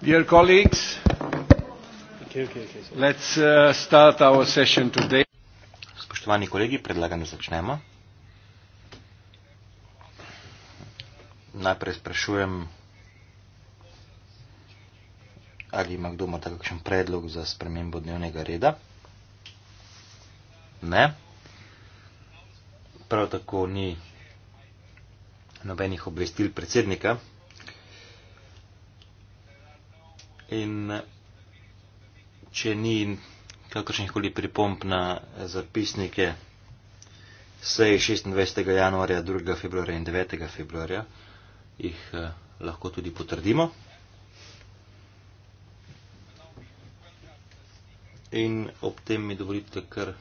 dear colleagues let's uh, start our session today spoštovani kolegi predlagam da začnemo najprej sprašujem ali ima kdo morda kakšen predlog za spremembo dnevnega reda ne prav tako ni nobenih obvestil predsednika in če ni kakršnih koli pripomp na zapisnike sej 26. januarja, 2. februarja in 9. februarja, jih eh, lahko tudi potrdimo. In ob tem mi dovolite, ker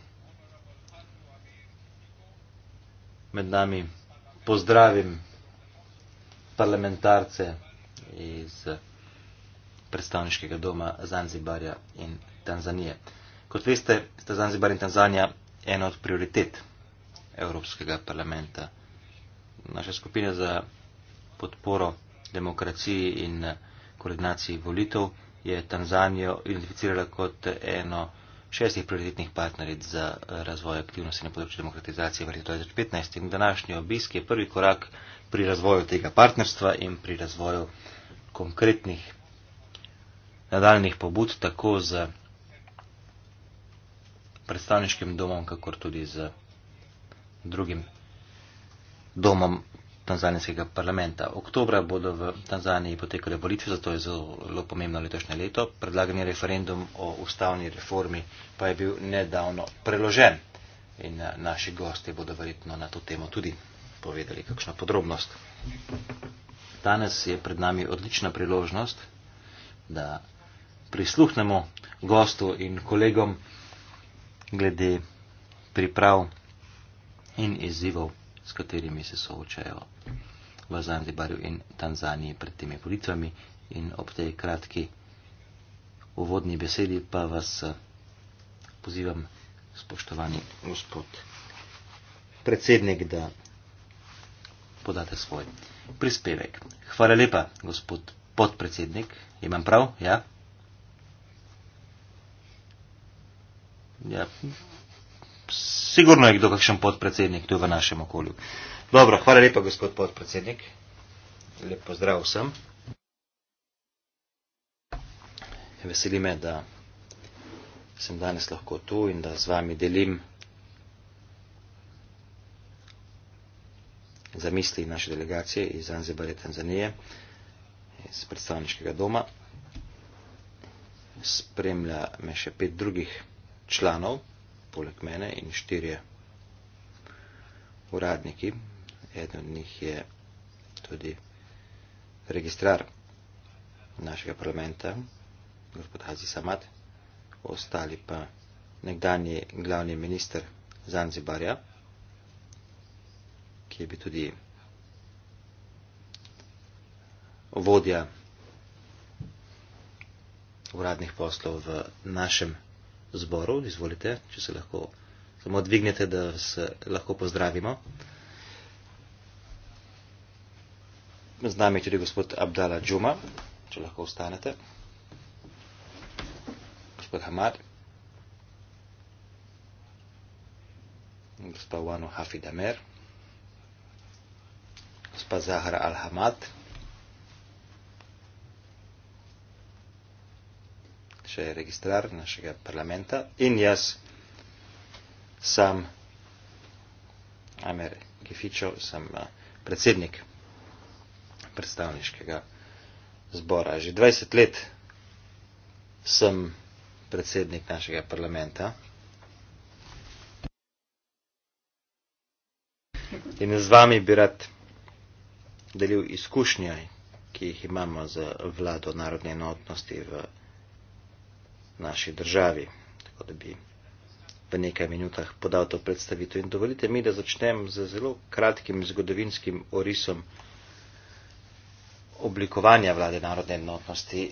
med nami pozdravim parlamentarce iz Hrvatske predstavniškega doma Zanzibarja in Tanzanije. Kot veste, sta Zanzibar in Tanzanija ena od prioritet Evropskega parlamenta. Naša skupina za podporo demokraciji in koordinaciji volitev je Tanzanijo identificirala kot eno šestih prioritetnih partneric za razvoj aktivnosti na področju demokratizacije v letu 2015 in današnji obisk je prvi korak pri razvoju tega partnerstva in pri razvoju konkretnih nadaljnih pobud tako z predstavniškim domom, kakor tudi z drugim domom Tanzanijskega parlamenta. Oktobra bodo v Tanzaniji potekale volitve, zato je zelo pomembno letošnje leto. Predlagani referendum o ustavni reformi pa je bil nedavno preložen in eh, naši gosti bodo verjetno na to temo tudi povedali kakšno podrobnost. Danes je pred nami odlična priložnost, da prisluhnemo gostu in kolegom glede priprav in izzivov, s katerimi se soočajo v Zandibarju in Tanzaniji pred temi volitvami. In ob tej kratki uvodni besedi pa vas eh, pozivam, spoštovani gospod predsednik, da podate svoj prispevek. Hvala lepa, gospod podpredsednik. Imam prav? Ja? Ja. Sigurno je kdo kakšen podpredsednik tu v našem okolju. Dobro, hvala lepa, gospod podpredsednik. Lep pozdrav vsem. Veseli me, da sem danes lahko tu in da z vami delim zamisli naše delegacije iz Zanzibare Tanzanije, iz predstavniškega doma. Spremlja me še pet drugih članov, poleg mene in štirje uradniki. Eden od njih je tudi registrar našega parlamenta, gospod Hazi Samat, ostali pa nekdani glavni minister Zanzibarja, ki je bil tudi vodja uradnih poslov v našem parlamentu zboru. Izvolite, če se lahko samo dvignete, da se lahko pozdravimo. Z nami je tudi gospod Abdala Džuma, če lahko ustanete. Gospod Hamad. Gospod Wanu Hafid Amer. Gospod Zahra Al-Hamad. še registrar našega parlamenta in jaz sam, Amer Gefičov, sem eh, predsednik predstavniškega zbora. Že 20 let sem predsednik našega parlamenta. In z vami bi rad delil izkušnje, ki jih imamo z vlado narodne enotnosti v naši državi. Tako da bi v nekaj minutah podal to predstavitev. In dovolite mi, da začnem z zelo kratkim zgodovinskim orisom oblikovanja vlade narodne enotnosti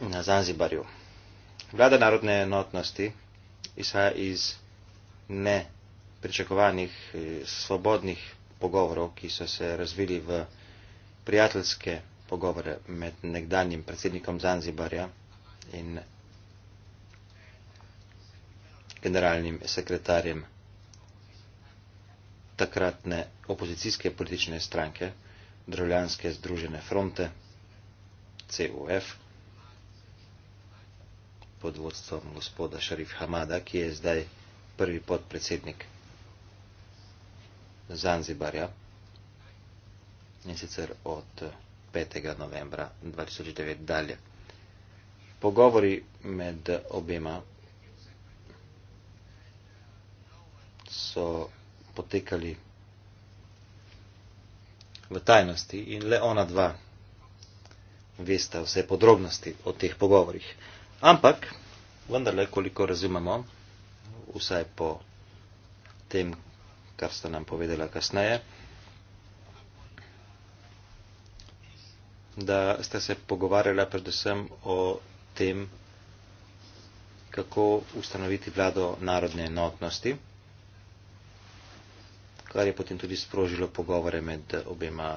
na Zanzibarju. Vlada narodne enotnosti izhaja iz ne pričakovanih eh, svobodnih pogovorov, ki so se razvili v prijateljske pogovore med nekdanjim predsednikom Zanzibarja, in generalnim sekretarjem takratne opozicijske politične stranke, Državljanske združene fronte, COF, pod vodstvom gospoda Šarif Hamada, ki je zdaj prvi podpredsednik Zanzibarja in sicer od 5. novembra 2009 dalje pogovori med obema so potekali v tajnosti in le ona dva vesta vse podrobnosti o teh pogovorih. Ampak, vendarle, koliko razumemo, vsaj po tem, kar sta nam povedala kasneje, da sta se pogovarjala predvsem o tem, kako ustanoviti vlado narodne enotnosti, kar je potem tudi sprožilo pogovore med obema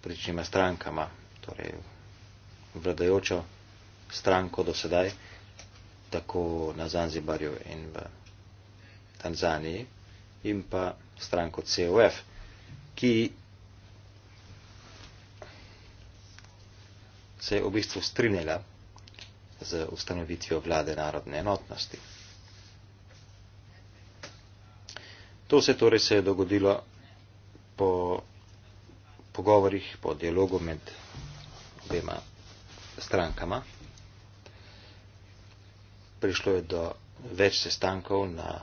pričnima strankama, torej vladajočo stranko do sedaj, tako na Zanzibarju in v Tanzaniji, in pa stranko COF, ki se je v bistvu strinjala z ustanovitvijo vlade narodne enotnosti. To se torej se je dogodilo po pogovorjih, po dialogu med obema strankama. Prišlo je do več sestankov na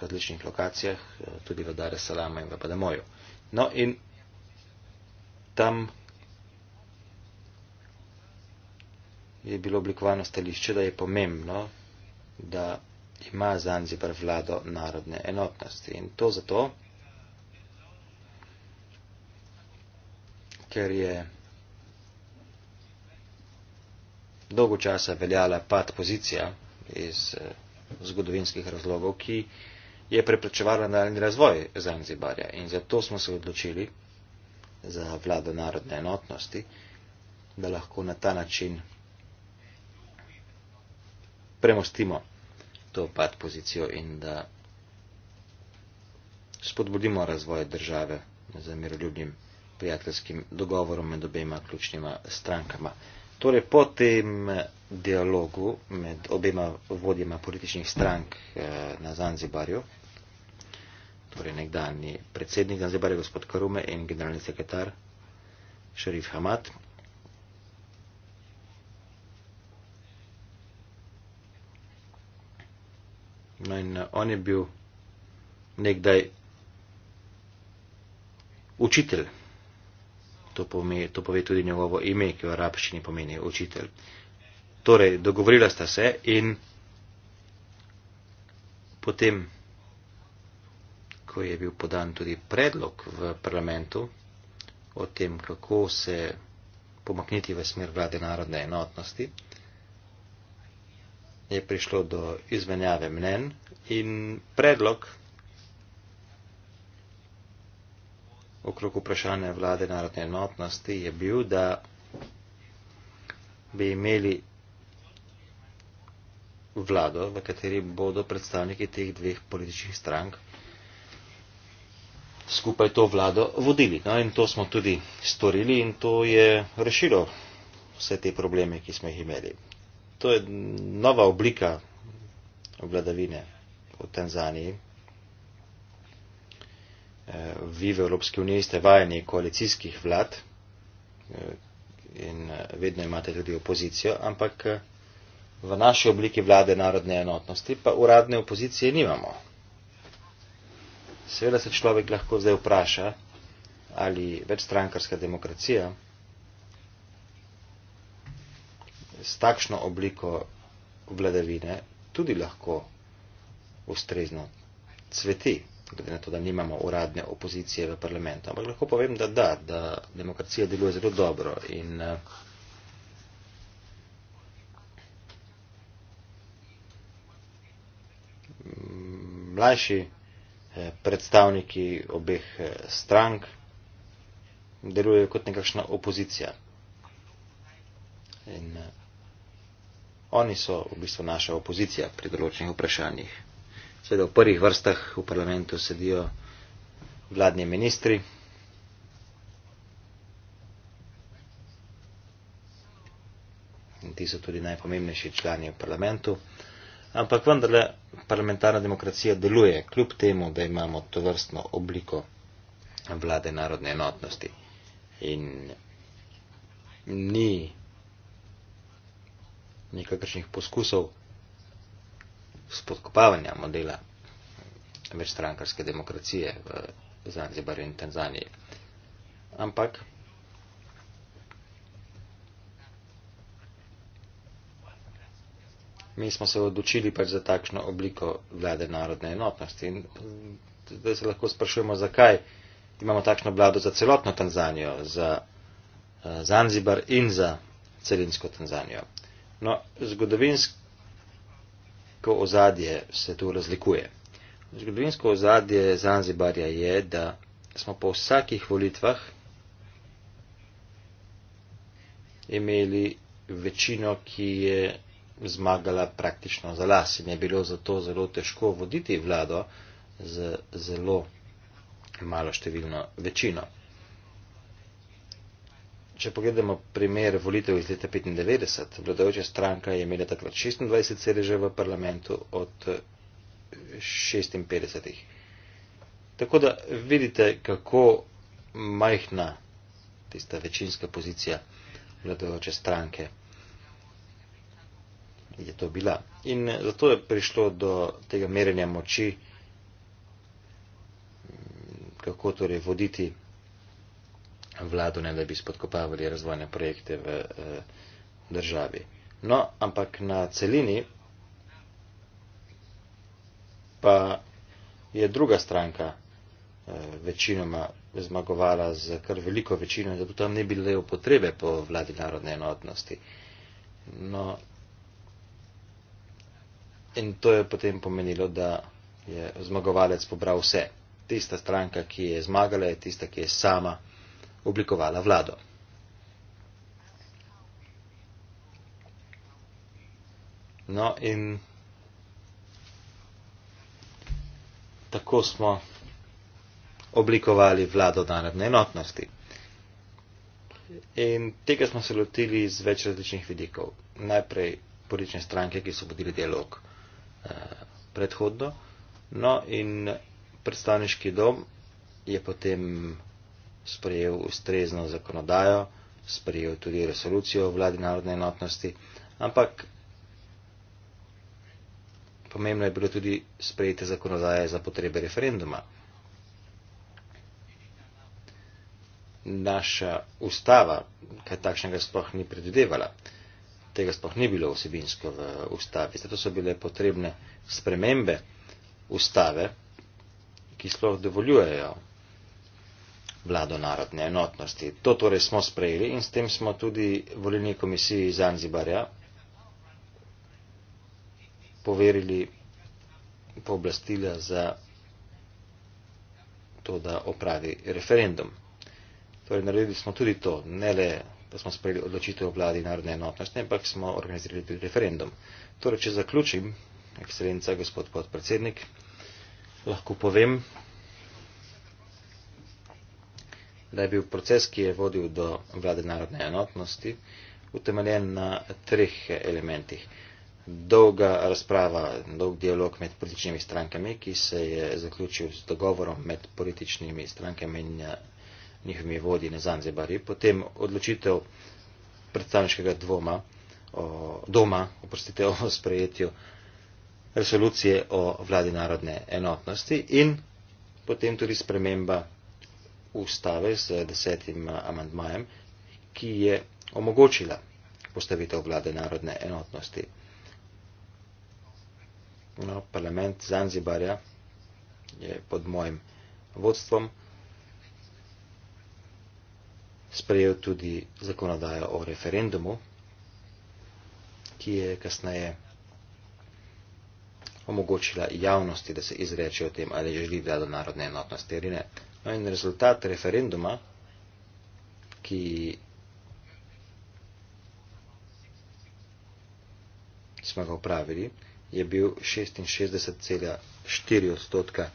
različnih lokacijah, eh, tudi v Dare Salama in v Padamoju. No in tam je bilo oblikovano stališče, da je pomembno, da ima Zanzibar vlado narodne enotnosti. In to zato, ker je dolgo časa veljala pad pozicija iz eh, zgodovinskih razlogov, ki je preprečevala nadaljni razvoj Zanzibarja. In zato smo se odločili za vlado narodne enotnosti, da lahko na ta način premostimo to pad pozicijo in da spodbudimo razvoj države z miroljubnim prijateljskim dogovorom med obema ključnima strankama. Torej, po tem dialogu med obema vodjema političnih strank eh, na Zanzibarju, torej nekdani predsednik Zanzibarja gospod Karume in generalni sekretar Šerif Hamad, No in eh, on je bil nekdaj učitelj. To, pome, to pove tudi njegovo ime, ki v arabščini pomeni učitelj. Torej, dogovorila sta se in potem, ko je bil podan tudi predlog v parlamentu o tem, kako se pomakniti v smer vlade narodne enotnosti, je prišlo do izmenjave mnen in predlog okrog vprašanja vlade narodne enotnosti je bil, da bi imeli vlado, v kateri bodo predstavniki teh dveh političnih strank skupaj to vlado vodili. No, in to smo tudi storili in to je rešilo vse te probleme, ki smo jih imeli to je nova oblika vladavine v Tanzaniji. Eh, vi v Evropski uniji ste vajeni koalicijskih vlad eh, in eh, vedno imate tudi opozicijo, ampak v naši obliki vlade narodne enotnosti pa uradne opozicije nimamo. Seveda se človek lahko zdaj vpraša, ali večstrankarska demokracija s takšno obliko vladavine tudi lahko ustrezno cveti, glede na to, da nimamo uradne opozicije v parlamentu. Ampak lahko povem, da da, da demokracija deluje zelo dobro in eh, mlajši eh, predstavniki obeh eh, strank delujejo kot nekakšna opozicija. In Oni so v bistvu naša opozicija pri določenih vprašanjih. Seveda v prvih vrstah v parlamentu sedijo vladni ministri. In ti so tudi najpomembnejši člani v parlamentu. Ampak vendarle parlamentarna demokracija deluje, kljub temu, da imamo to vrstno obliko vlade narodne enotnosti. In ni nekakršnih poskusov spodkopavanja modela večstrankarske demokracije v Zanzibarju in Tanzaniji. Ampak mi smo se odločili pač za takšno obliko vlade narodne enotnosti in zdaj se lahko sprašujemo, zakaj imamo takšno vlado za celotno Tanzanijo, za eh, Zanzibar in za celinsko Tanzanijo. No, zgodovinsko ozadje se tu razlikuje. Zgodovinsko ozadje Zanzibarja je, da smo po vsakih volitvah imeli večino, ki je zmagala praktično za las in je bilo zato zelo težko voditi vlado z zelo malo številno večino če pogledamo primer volitev iz leta 1995, vladajoča stranka je imela takrat 26 sedežev v parlamentu od 56. Tako da vidite, kako majhna tista večinska pozicija vladajoče stranke je to bila. In zato je prišlo do tega merjenja moči, kako torej voditi vlado, ne da bi spodkopavali razvojne projekte v eh, državi. No, ampak na celini pa je druga stranka eh, večinoma zmagovala z kar veliko večino, da tam ne bi le potrebe po vladi narodne enotnosti. No, in to je potem pomenilo, da je zmagovalec pobral vse. Tista stranka, ki je zmagala, je tista, ki je sama oblikovala vlado. No in tako smo oblikovali vlado narodne enotnosti. In tega smo se lotili z več različnih vidikov. Najprej politične stranke, ki so vodili dialog eh, predhodno. No in predstavniški dom je potem sprejel ustrezno zakonodajo, sprejel tudi resolucijo o vladi narodne enotnosti, ampak pomembno je bilo tudi sprejeti zakonodaje za potrebe referenduma. Naša ustava kaj takšnega sploh ni predvidevala. Tega sploh ni bilo vsebinsko v ustavi. Zato so bile potrebne spremembe ustave, ki sploh dovoljujejo vlado narodne enotnosti. To torej smo sprejeli in s tem smo tudi volilni komisiji Zanzibarja poverili pooblastila za to, da opravi referendum. Torej naredili smo tudi to, ne le, da smo sprejeli odločitev vladi narodne enotnosti, ampak smo organizirali tudi referendum. Torej, če zaključim, ekscelenca gospod podpredsednik, lahko povem, da je bil proces, ki je vodil do vlade narodne enotnosti, utemeljen na treh elementih. Dolga razprava, dolg dialog med političnimi strankami, ki se je zaključil z dogovorom med političnimi strankami in eh, njihovimi vodji na Zanzibari, potem odločitev predstavniškega dvoma, o, doma, oprostite, o sprejetju resolucije o vladi narodne enotnosti in potem tudi sprememba ustave z desetim eh, amandmajem, ki je omogočila postavitev vlade narodne enotnosti. No, parlament Zanzibarja je pod mojim vodstvom sprejel tudi zakonodajo o referendumu, ki je kasneje omogočila javnosti, da se izreče o tem, ali želi vlado narodne enotnosti ali ne. No in rezultat referenduma, ki smo ga upravili, je bil 66,4 odstotka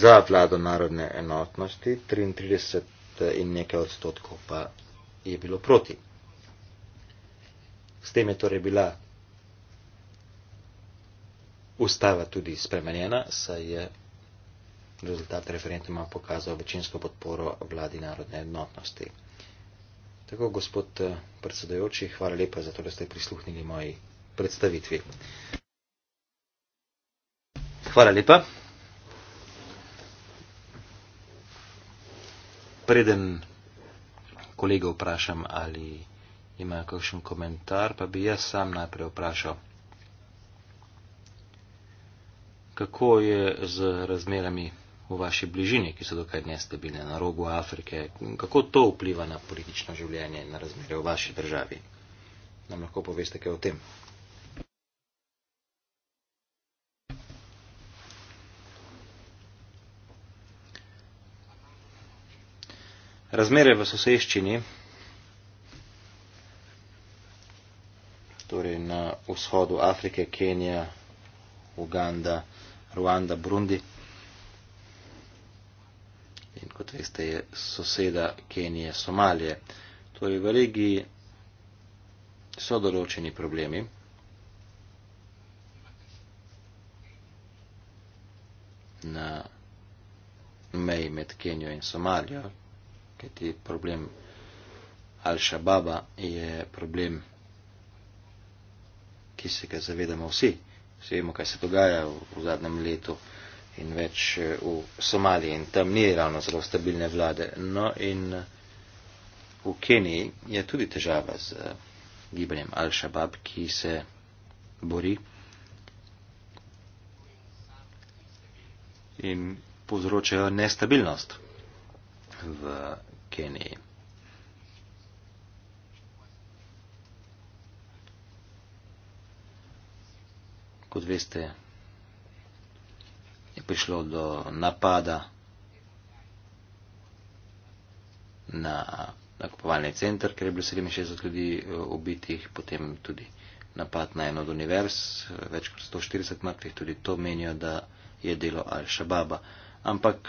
za vlado narodne enotnosti, 33 eh, in nekaj odstotkov pa je bilo proti. S tem je torej bila ustava tudi spremenjena, saj je rezultat referenduma pokazal večinsko podporo vladi narodne enotnosti. Tako, gospod eh, predsedojoči, hvala lepa za to, da ste prisluhnili moji predstavitvi. Hvala lepa. Preden kolega vprašam, ali ima kakšen komentar, pa bi jaz sam najprej vprašal, kako je z razmerami v vaši bližini, ki so dokaj nestabilne, na rogu Afrike. Kako to vpliva na politično življenje in na razmere v vaši državi? Nam lahko poveste kaj o tem? Razmere v soseščini, torej na vzhodu Afrike, Kenija, Uganda, Ruanda, Brundi in kot veste je soseda Kenije Somalije. Torej v regiji so določeni problemi. na meji med Kenijo in Somalijo, kajti problem Al-Shababa je problem, ki se ga zavedamo vsi. Vsi vemo, kaj se dogaja v, v zadnjem letu in več eh, v Somaliji in tam ni ravno zelo stabilne vlade. No in eh, v Keniji je tudi težava z eh, gibanjem Al-Shabaab, ki se bori in povzročajo nestabilnost v Keniji. Kot veste, je prišlo do napada na nakupovalni center, ker je bilo 67 ljudi ubitih, potem tudi napad na eno od univerz, več kot 140 mrtvih, tudi to menijo, da je delo Al-Shababa. Ampak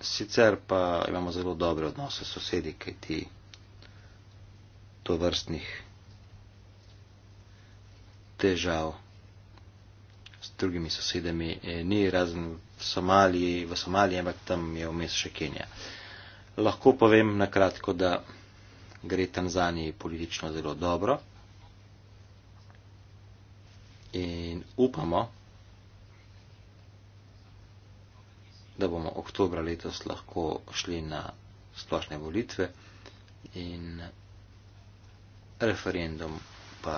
sicer pa imamo zelo dobre odnose s sosedi, kaj ti to vrstnih težav drugimi sosedami eh, ni, razen v Somaliji, v Somaliji, ampak tam je vmes še Kenija. Lahko povem na kratko, da gre Tanzaniji politično zelo dobro in upamo, da bomo oktobra letos lahko šli na splošne volitve in referendum pa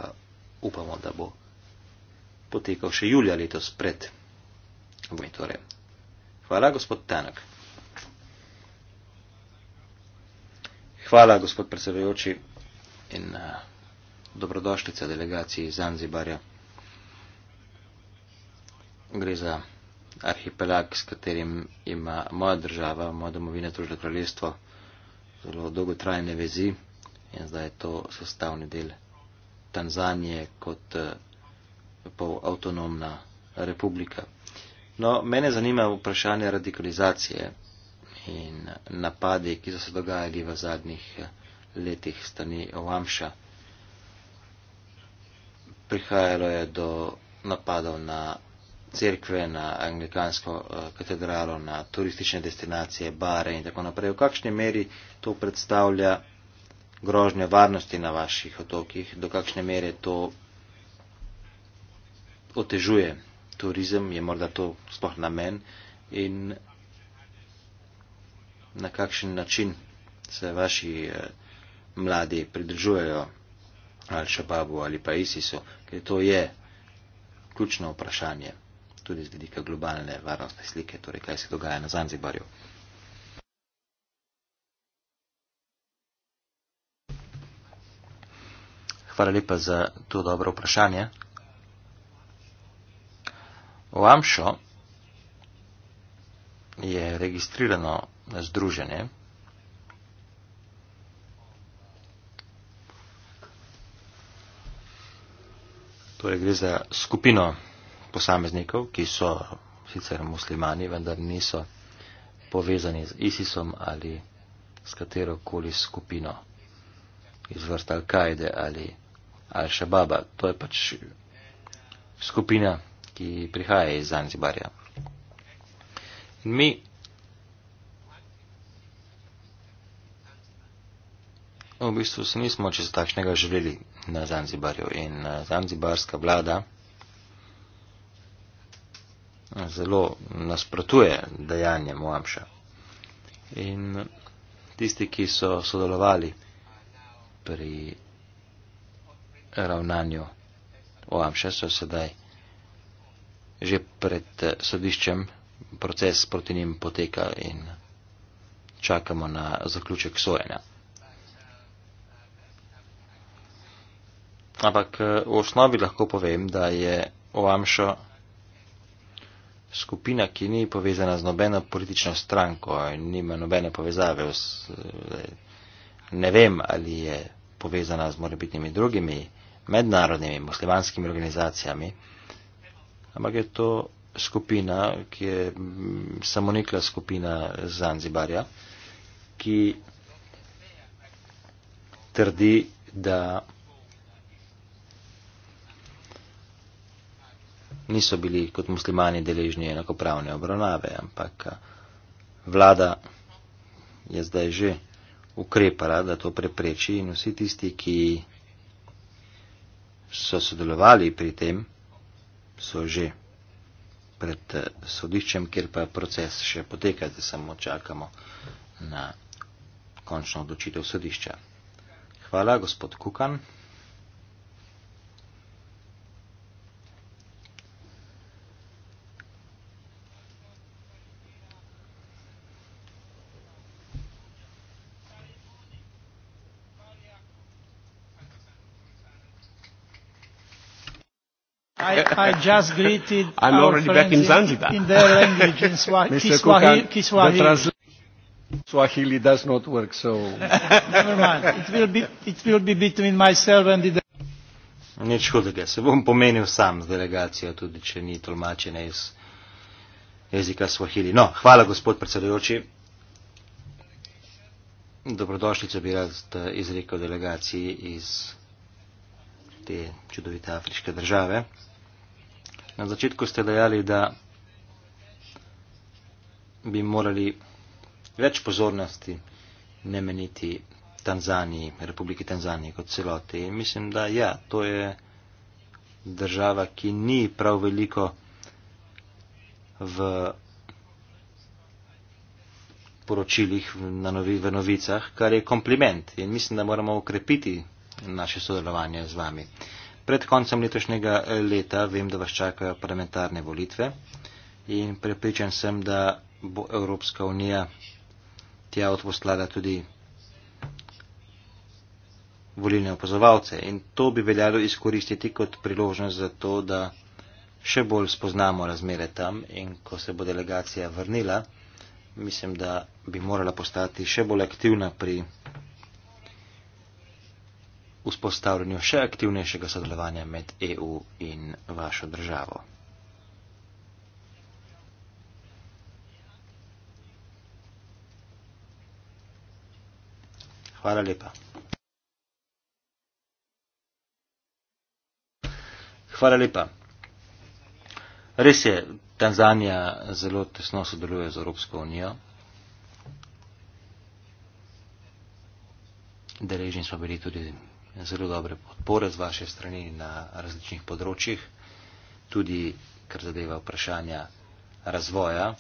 upamo, da bo potekal še julija letos pred monitorjem. Hvala, gospod Tanek. Hvala, gospod predsedujoči in uh, eh, dobrodošljica delegaciji Zanzibarja. Gre za arhipelag, s katerim ima moja država, moja domovina, družbeno kraljestvo, zelo dolgotrajne vezi in zdaj je to sestavni del Tanzanije kot uh, polavtonomna republika. No, mene zanima vprašanje radikalizacije in napadi, ki so se dogajali v zadnjih eh, letih strani Ovamša. Prihajalo je do napadov na cerkve, na anglikansko eh, katedralo, na turistične destinacije, bare in tako naprej. V kakšni meri to predstavlja grožnjo varnosti na vaših otokih, do kakšne mere to otežuje. Turizem je morda to sploh namen in na kakšen način se vaši eh, mladi pridržujejo ali šababu ali pa ISISu, ker to je ključno vprašanje tudi z vidika globalne varnostne slike, torej kaj se dogaja na Zanzibarju. Hvala lepa za to dobro vprašanje. V Amšo je registrirano združenje, torej gre za skupino posameznikov, ki so sicer muslimani, vendar niso povezani z ISISom ali s katero koli skupino iz vrsta Al-Kaide ali Al-Shababa. To je pač skupina ki prihaja iz Zanzibarja. In mi v bistvu se nismo čez takšnega želeli na Zanzibarju in eh, zanzibarska vlada zelo nasprotuje dejanje Moamša. In eh, tisti, ki so sodelovali pri ravnanju Moamša, so sedaj že pred eh, sodiščem proces proti njim poteka in čakamo na zaključek sojenja. Ampak eh, v osnovi lahko povem, da je Oamšo skupina, ki ni povezana z nobeno politično stranko in nima nobene povezave. Eh, ne vem, ali je povezana z morebitnimi drugimi mednarodnimi muslimanskimi organizacijami, ampak je to skupina, ki je mm, samonikla skupina Zanzibarja, ki trdi, da niso bili kot muslimani deležni enakopravne obravnave, ampak vlada je zdaj že ukrepala, da to prepreči in vsi tisti, ki so sodelovali pri tem, so že pred eh, sodiščem, kjer pa proces še poteka, da samo čakamo na končno odločitev sodišča. Hvala, gospod Kukan. I just greeted I'm our already back in Zanzibar. In their language, in Swa Mr. Kiswahi Kiswahili. The translation Swahili does not work, so. Never mind. It will, be, it will be between myself and the. Nič hudega, se bom pomenil sam z delegacijo, tudi če ni tolmačene iz jezika Swahili. No, hvala gospod predsedujoči. Dobrodošlico bi rad eh, izrekel delegaciji iz te čudovite afriške države. Na začetku ste dejali, da bi morali več pozornosti nameniti Tanzaniji, Republiki Tanzaniji kot celoti. In mislim, da ja, to je država, ki ni prav veliko v poročilih, v novicah, kar je kompliment. In mislim, da moramo ukrepiti naše sodelovanje z vami. Uh, Pred koncem letošnjega eh, leta vem, da vas čakajo parlamentarne volitve in prepričan sem, da bo Evropska unija tja odposlala tudi volilne opazovalce. In to bi veljalo izkoristiti kot priložnost za to, da še bolj spoznamo razmere tam in ko se bo delegacija vrnila, mislim, da bi morala postati še bolj aktivna pri vzpostavljanju še aktivnejšega sodelovanja med EU in vašo državo. Hvala lepa. Hvala lepa. Res je, Tanzanija zelo tesno sodeluje z Evropsko unijo. Deležni smo bili tudi zelo dobre podpore z vaše strani na različnih področjih, tudi kar zadeva vprašanja razvoja.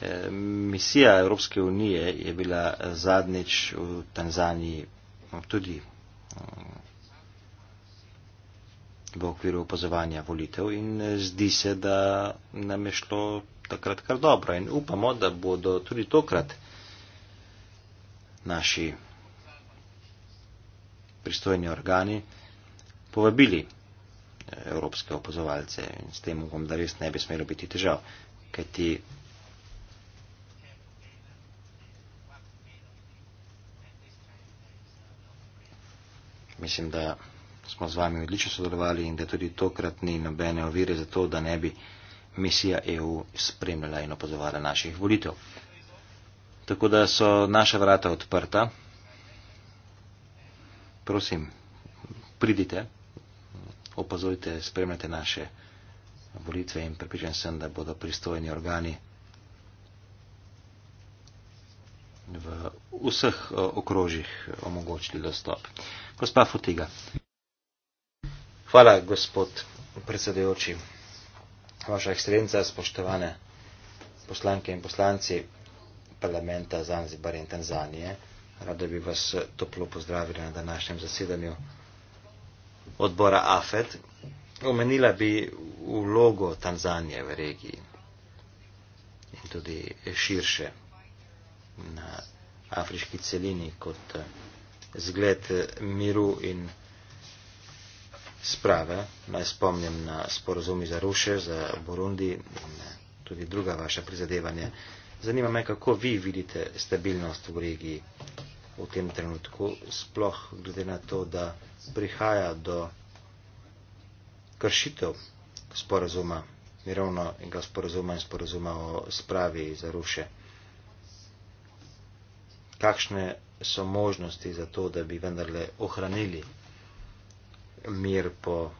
Eh, misija Evropske unije je bila zadnjič v Tanzaniji no, tudi mm, v okviru opazovanja volitev in eh, zdi se, da nam je šlo takrat kar dobro in upamo, da bodo tudi tokrat naši pristojni organi povabili eh, evropske opozovalce in s tem upam, da res ne bi smelo biti težav, kajti mislim, da smo z vami odlično sodelovali in da tudi tokrat ni nobene ovire za to, da ne bi misija EU spremljala in opazovala naših volitev. Tako da so naša vrata odprta. Prosim, pridite, opazujte, spremljate naše volitve in pripričan sem, da bodo pristojni organi v vseh okrožjih omogočili dostop. Gospa Futiga. Hvala, gospod predsedujoči. Vaša ekscelenca, spoštovane poslanke in poslanci parlamenta Zanzibar in Tanzanije, rado bi vas toplo pozdravili na današnjem zasedanju odbora AFED. Omenila bi vlogo Tanzanije v regiji in tudi širše na afriški celini kot zgled miru in sprave. Naj spomnim na sporozumi za Ruše, za Burundi in tudi druga vaša prizadevanja. Zanima me, kako vi vidite stabilnost v regiji v tem trenutku, sploh glede na to, da prihaja do kršitev sporozuma, mirovnega sporozuma in sporozuma o spravi za Ruše. Kakšne so možnosti za to, da bi vendarle ohranili mir po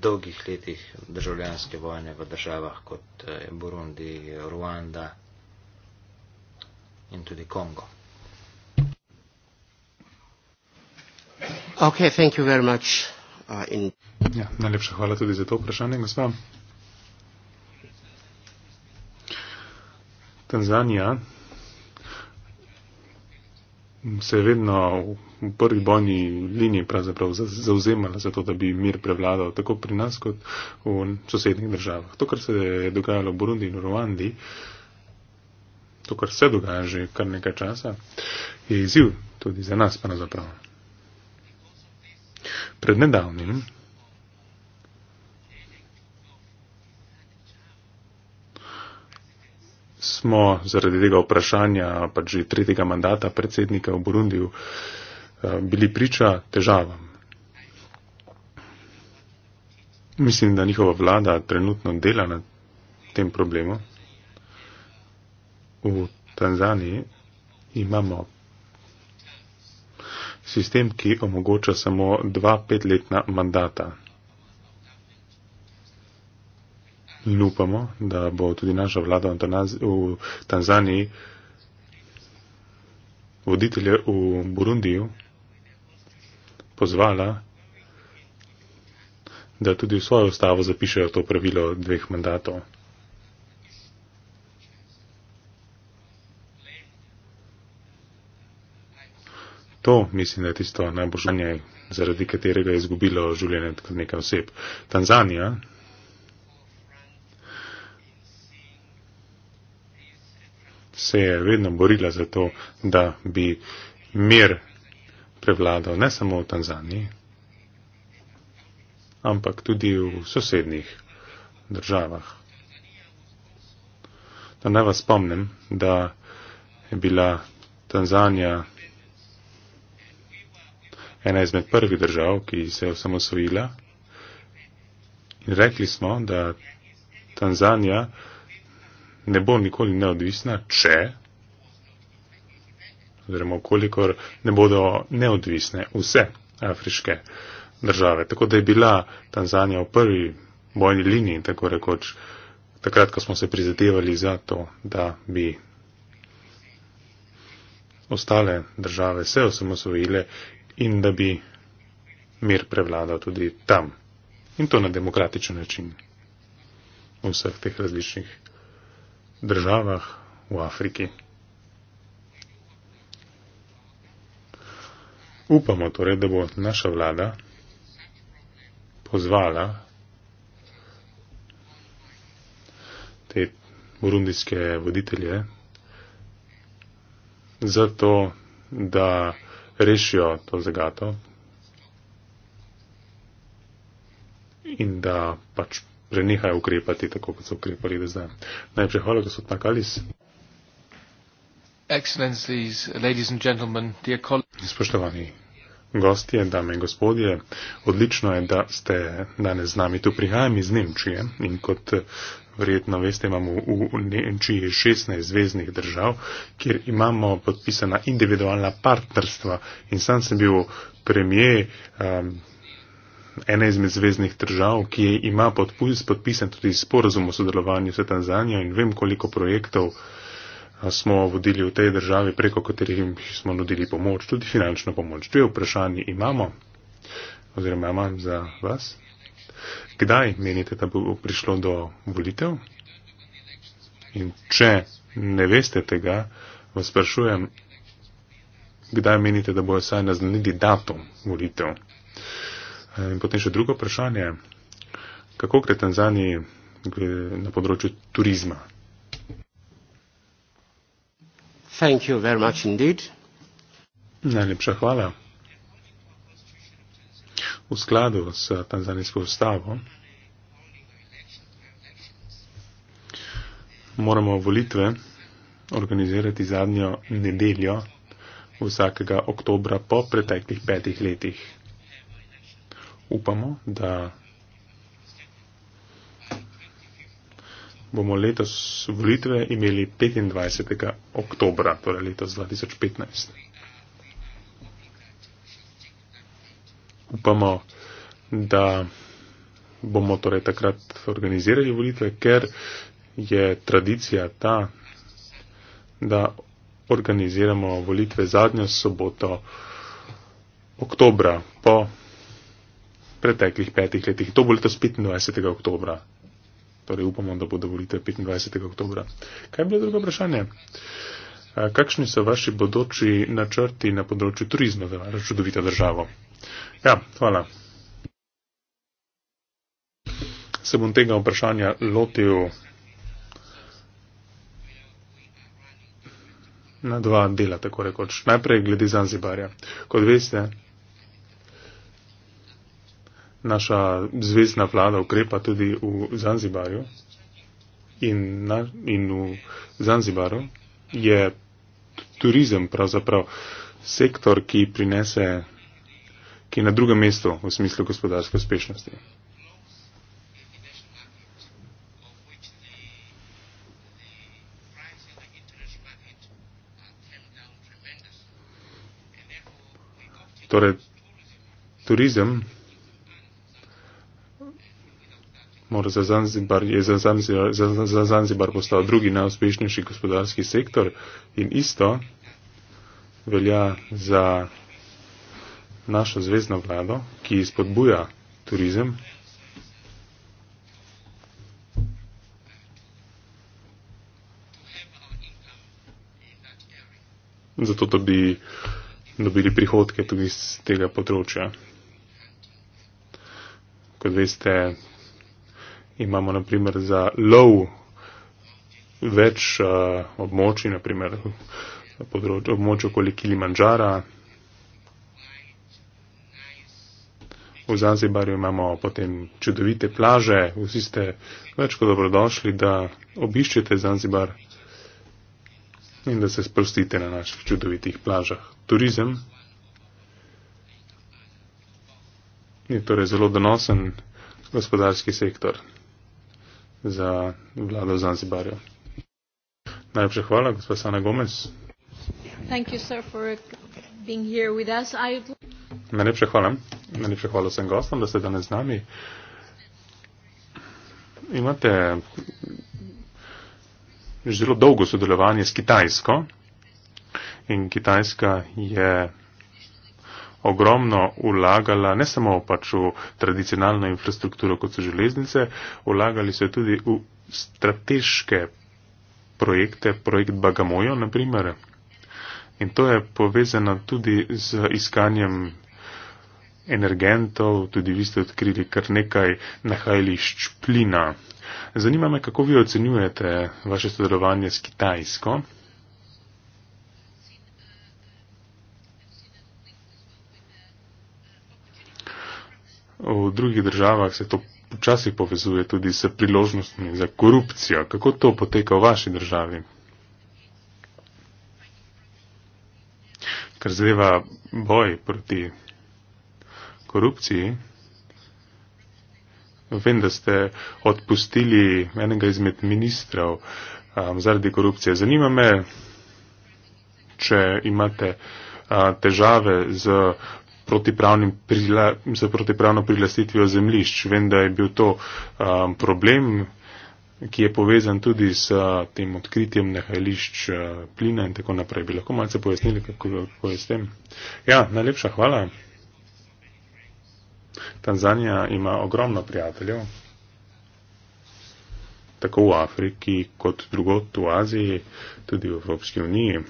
dolgih letih državljanske vojne v državah kot eh, Burundi, Ruanda in tudi Kongo. Okay, thank you very much. Uh, in... ja, najlepša hvala tudi za to vprašanje, gospod. Tanzanija se je vedno v prvi bojni liniji pravzaprav zauzemala za to, da bi mir prevladal tako pri nas kot v sosednjih državah. To, kar se je dogajalo v Burundi in Rwandi, to, kar se dogaja že kar nekaj časa, je izziv tudi za nas pravzaprav. Pred nedavnim smo zaradi tega vprašanja, pa že tretjega mandata predsednika v Burundiju, eh, bili priča težavam. Mislim, da njihova vlada trenutno dela na tem problemu. V Tanzaniji imamo sistem, ki omogoča samo dva petletna mandata. lupamo, da bo tudi naša vlada v Tanzaniji, voditelje v Burundiju, pozvala, da tudi v svojo ustavo zapišejo to pravilo dveh mandatov. To mislim, da je tisto najbolj žanje, zaradi katerega je izgubilo življenje kot nekaj oseb. Tanzanija, se je vedno borila za to, da bi mir prevladal ne samo v Tanzaniji, ampak tudi v sosednjih državah. Da naj vas spomnim, da je bila Tanzanija ena izmed prvih držav, ki se je osamosvojila. In rekli smo, da Tanzanija ne bo nikoli neodvisna, če oziroma okolikor ne bodo neodvisne vse afriške države. Tako da je bila Tanzanija v prvi bojni liniji, tako rekoč, takrat, ko smo se prizadevali za to, da bi ostale države se osamosvojile in da bi mir prevladal tudi tam. In to na demokratičen način v vseh teh različnih državah v Afriki. Upamo torej, da bo naša vlada pozvala te burundijske voditelje za to, da rešijo to zagato in da pač že nehajo ukrepati tako, kot so ukrepali do zdaj. Najprej hvala, gospod Makalis. Spoštovani gostje, dame in gospodje, odlično je, da ste danes z nami. Tu prihajam iz Nemčije in kot verjetno veste, imamo v Nemčiji 16 zvezdnih držav, kjer imamo podpisana individualna partnerstva in sam sem bil premijer. Um, ena izmed zvezdnih držav, ki ima podpis, podpisan tudi sporozum o sodelovanju s Tanzanijo in vem, koliko projektov smo vodili v tej državi, preko katerih smo nudili pomoč, tudi finančno pomoč. Dve vprašanje imamo, oziroma imam za vas. Kdaj menite, da bo prišlo do volitev? In če ne veste tega, vas sprašujem, kdaj menite, da bojo saj naznanili datum volitev? Eh, in potem še drugo vprašanje, kako gre Tanzaniji na področju turizma? Thank you very much indeed. Najlepša hvala. V skladu s tanzanijsko ustavo moramo volitve organizirati zadnjo nedeljo vsakega oktobra po preteklih petih letih upamo, da bomo letos volitve imeli 25. oktobra, torej letos 2015. Upamo, da bomo torej takrat organizirali volitve, ker je tradicija ta, da organiziramo volitve zadnjo soboto oktobra po preteklih petih letih. To bo letos 25. oktober. Torej upamo, da bodo volite 25. oktober. Kaj je bilo drugo vprašanje? Kakšni so vaši bodoči načrti na področju turizma, da je čudovita država? Ja, hvala. Se bom tega vprašanja lotil na dva dela, tako rekoč. Najprej glede Zanzibarja. Kot veste, naša zvezdna vlada ukrepa tudi v Zanzibarju in, na, in v Zanzibaru je turizem pravzaprav sektor, ki prinese, ki je na drugem mestu v smislu gospodarske uspešnosti. Torej, turizem mora za Zanzibar, je za Zanzibar, za, za Zanzibar postal drugi najuspešnejši gospodarski sektor in isto velja za našo zvezdno vlado, ki spodbuja turizem. Zato, da bi dobili prihodke tudi iz tega področja. Kot veste, imamo naprimer za lov več uh, območij, naprimer področ, območjo okoli Kilimanjara. V Zanzibarju imamo potem čudovite plaže, vsi ste več kot dobrodošli, da obiščete Zanzibar in da se sprostite na naših čudovitih plažah. Turizem je torej zelo donosen gospodarski sektor za vlado Zanzibarja. Najlepša hvala, gospod Sana Gomez. Thank you, sir, for being here with us. I'd... Najlepša hvala. Najlepša hvala vsem gostom, da ste danes z nami. Imate zelo dolgo sodelovanje s Kitajsko in Kitajska je ogromno vlagala ne samo pač v tradicionalno infrastrukturo, kot so železnice, vlagali so tudi v strateške projekte, projekt Bagamojo naprimer. In to je povezano tudi z iskanjem energentov, tudi vi ste odkrili kar nekaj nahajališč plina. Zanima me, kako vi ocenjujete vaše sodelovanje s Kitajsko. v drugih državah se to včasih povezuje tudi s priložnostmi za korupcijo. Kako to poteka v vaši državi? Ker zadeva boj proti korupciji. Vem, da ste odpustili enega izmed ministrov um, zaradi korupcije. Zanima me, če imate uh, težave z za protipravno prilastitvijo zemlišč. Vem, da je bil to um, problem, ki je povezan tudi s tem odkritjem nahajališč uh, plina in tako naprej. Bi lahko malce pojasnili, kako, kako je s tem? Ja, najlepša hvala. Tanzanija ima ogromno prijateljev, tako v Afriki kot drugot v Aziji, tudi v Evropski uniji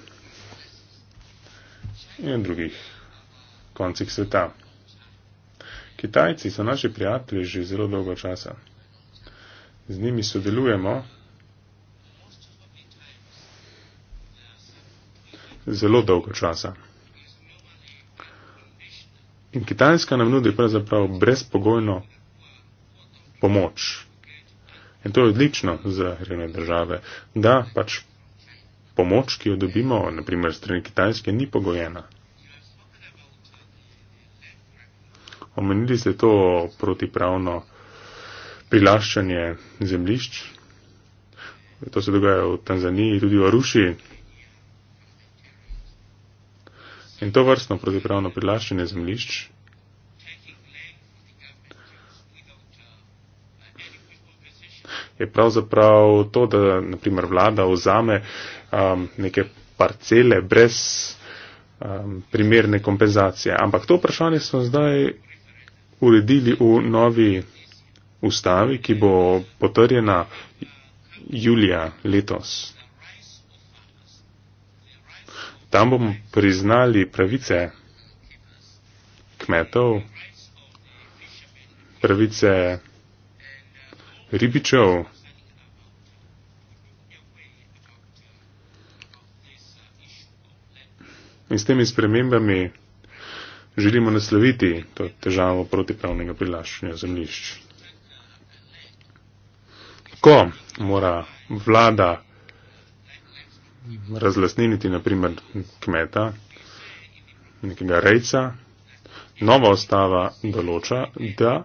in drugih koncih sveta. Kitajci so naši prijatelji že zelo dolgo časa. Z njimi sodelujemo zelo dolgo časa. In Kitajska nam nudi pravzaprav brezpogojno pomoč. In to je odlično za revne države, da pač pomoč, ki jo dobimo, naprimer strani Kitajske, ni pogojena. Omenili ste to protipravno prilaščanje zemlišč. To se dogaja v Tanzaniji, tudi v Aruši. In to vrstno protipravno prilaščanje zemlišč. Je pravzaprav to, da naprimer vlada vzame um, neke parcele brez um, primerne kompenzacije. Ampak to vprašanje smo zdaj uredili v novi ustavi, ki bo potrjena julija letos. Tam bomo priznali pravice kmetov, pravice ribičev. In s temi spremembami želimo nasloviti to težavo protipravnega prilaščanja zemljišč. Ko mora vlada razlasniniti naprimer kmeta, nekega rejca, nova ostava določa, da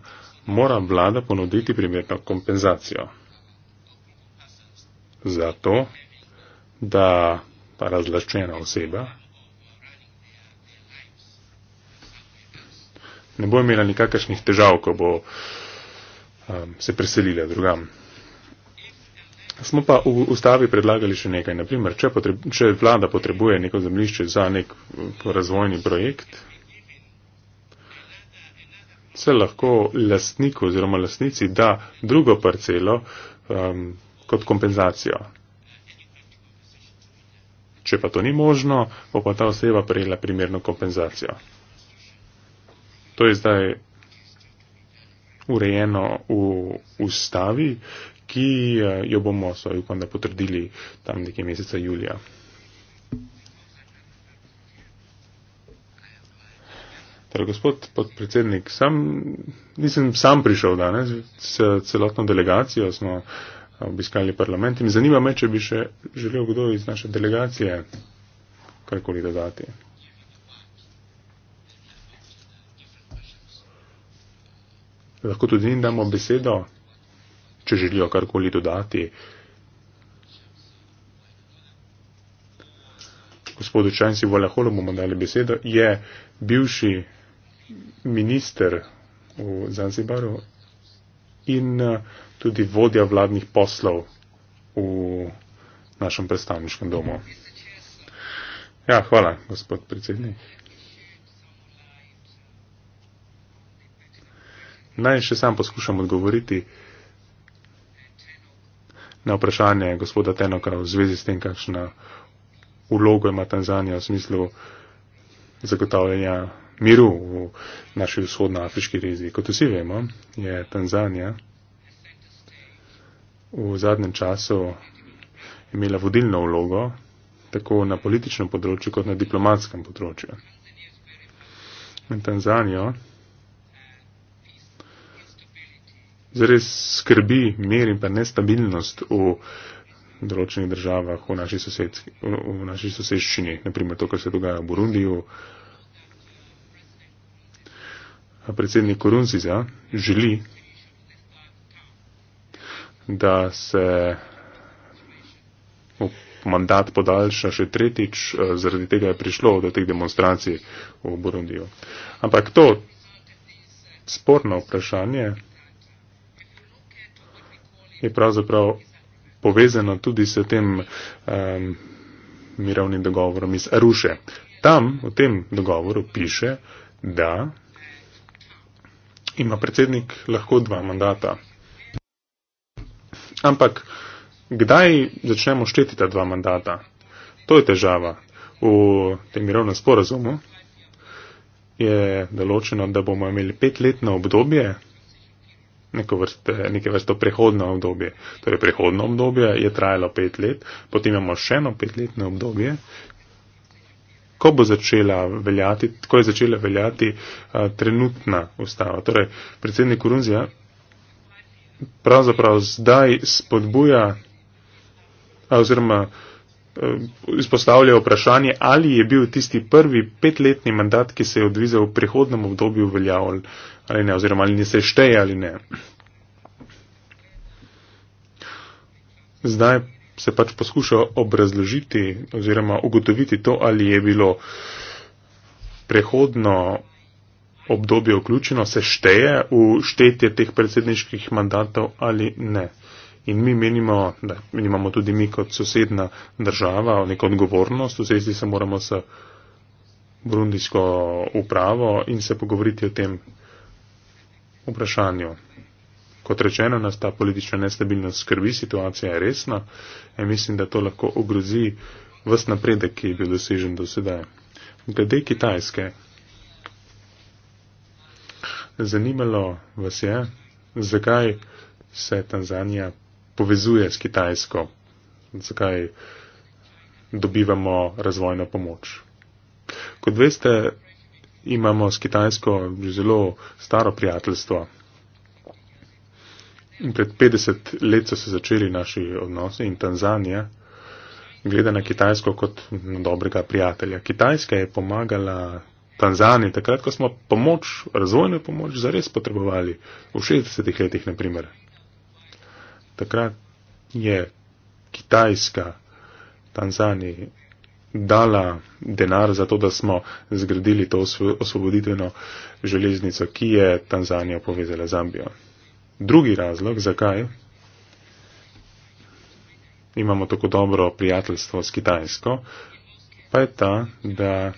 mora vlada ponuditi primerno kompenzacijo. Zato, da pa razlaščena oseba ne bo imela nikakršnih težav, ko bo um, se preselila drugam. Smo pa v ustavi predlagali še nekaj. Naprimer, če, potreb, če vlada potrebuje neko zemljišče za nek uh, razvojni projekt, se lahko lastniku oziroma lastnici da drugo parcelo um, kot kompenzacijo. Če pa to ni možno, bo pa ta oseba prejela primerno kompenzacijo. To je zdaj urejeno v ustavi, ki eh, jo bomo, so upam, da potrdili tam nekaj meseca julija. Torej, gospod podpredsednik, sam, nisem sam prišel danes, s celotno delegacijo smo eh, obiskali parlament in zanima me, če bi še želel kdo iz naše delegacije karkoli dodati. Da lahko tudi jim damo besedo, če želijo karkoli dodati. Gospodu Čajnci Valahol bomo dali besedo, je bivši minister v Zanzibaru in tudi vodja vladnih poslov v našem predstavniškem domu. Ja, hvala, gospod predsednik. Naj še sam poskušam odgovoriti na vprašanje gospoda Tenokra v zvezi s tem, kakšna vlogo ima Tanzanija v smislu zagotavljanja miru v naši vzhodnoafriški reziji. Kot vsi vemo, je Tanzanija v zadnjem času imela vodilno vlogo tako na političnem področju kot na diplomatskem področju. In Tanzanijo zares skrbi mir in pa nestabilnost v določenih državah, v naši, sosed, v, v naši soseščini, naprimer to, kar se dogaja v Burundiju. Predsednik Korunziza želi, da se mandat podaljša še tretjič, e, zaradi tega je prišlo do teh demonstracij v Burundiju. Ampak to sporno vprašanje je pravzaprav povezana tudi s tem um, mirovnim dogovorom iz Aruše. Tam v tem dogovoru piše, da ima predsednik lahko dva mandata. Ampak kdaj začnemo šteti ta dva mandata? To je težava. V tem mirovnem sporazumu je določeno, da bomo imeli petletno obdobje, vrste, neke vrste prehodno obdobje. Torej, prehodno obdobje je trajalo pet let, potem imamo še eno petletno obdobje, ko bo začela veljati, ko je začela veljati a, trenutna ustava. Torej, predsednik Kurunzija pravzaprav zdaj spodbuja, a, oziroma Eh, izpostavlja vprašanje, ali je bil tisti prvi petletni mandat, ki se je odvizel v prihodnem obdobju veljavl ali ne, oziroma ali ni se šteje ali ne. Zdaj se pač poskuša obrazložiti oziroma ugotoviti to, ali je bilo prehodno obdobje vključeno, se šteje v štetje teh predsedniških mandatov ali ne. In mi menimo, da imamo tudi mi kot sosedna država neko odgovornost, v zvezi se moramo s burundijsko upravo in se pogovoriti o tem vprašanju. Kot rečeno, nas ta politična nestabilnost skrbi, situacija je resna in mislim, da to lahko ogrozi vst napredek, ki je bil dosežen do sedaj. Glede Kitajske, zanimalo vas je, zakaj se Tanzanija povezuje s Kitajsko, zakaj dobivamo razvojno pomoč. Kot veste, imamo s Kitajsko že zelo staro prijateljstvo. Pred 50 let so se začeli naši odnosi in Tanzanija gleda na Kitajsko kot na dobrega prijatelja. Kitajska je pomagala Tanzaniji takrat, ko smo pomoč, razvojno pomoč zares potrebovali v 60-ih letih, naprimer takrat je Kitajska Tanzaniji dala denar za to, da smo zgradili to osvoboditveno železnico, ki je Tanzanijo povezala z Zambijo. Drugi razlog, zakaj imamo tako dobro prijateljstvo s Kitajsko, pa je ta, da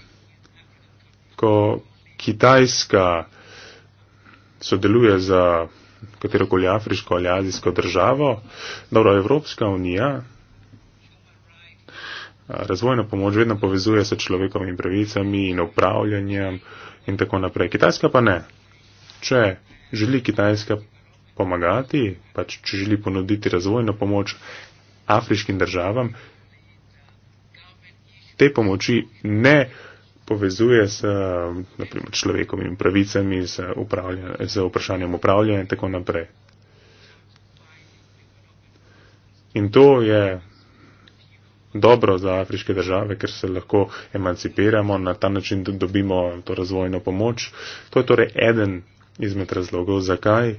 ko Kitajska sodeluje za katero koli afriško ali azijsko državo, dobro Evropska unija, razvojno pomoč vedno povezuje s človekovimi pravicami in upravljanjem in tako naprej. Kitajska pa ne. Če želi Kitajska pomagati, pač če želi ponuditi razvojno pomoč afriškim državam, te pomoči ne povezuje s um, naprimer, človekovimi pravicami, z, z vprašanjem upravljanja in tako naprej. In to je dobro za afriške države, ker se lahko emancipiramo, na ta način dobimo to razvojno pomoč. To je torej eden izmed razlogov, zakaj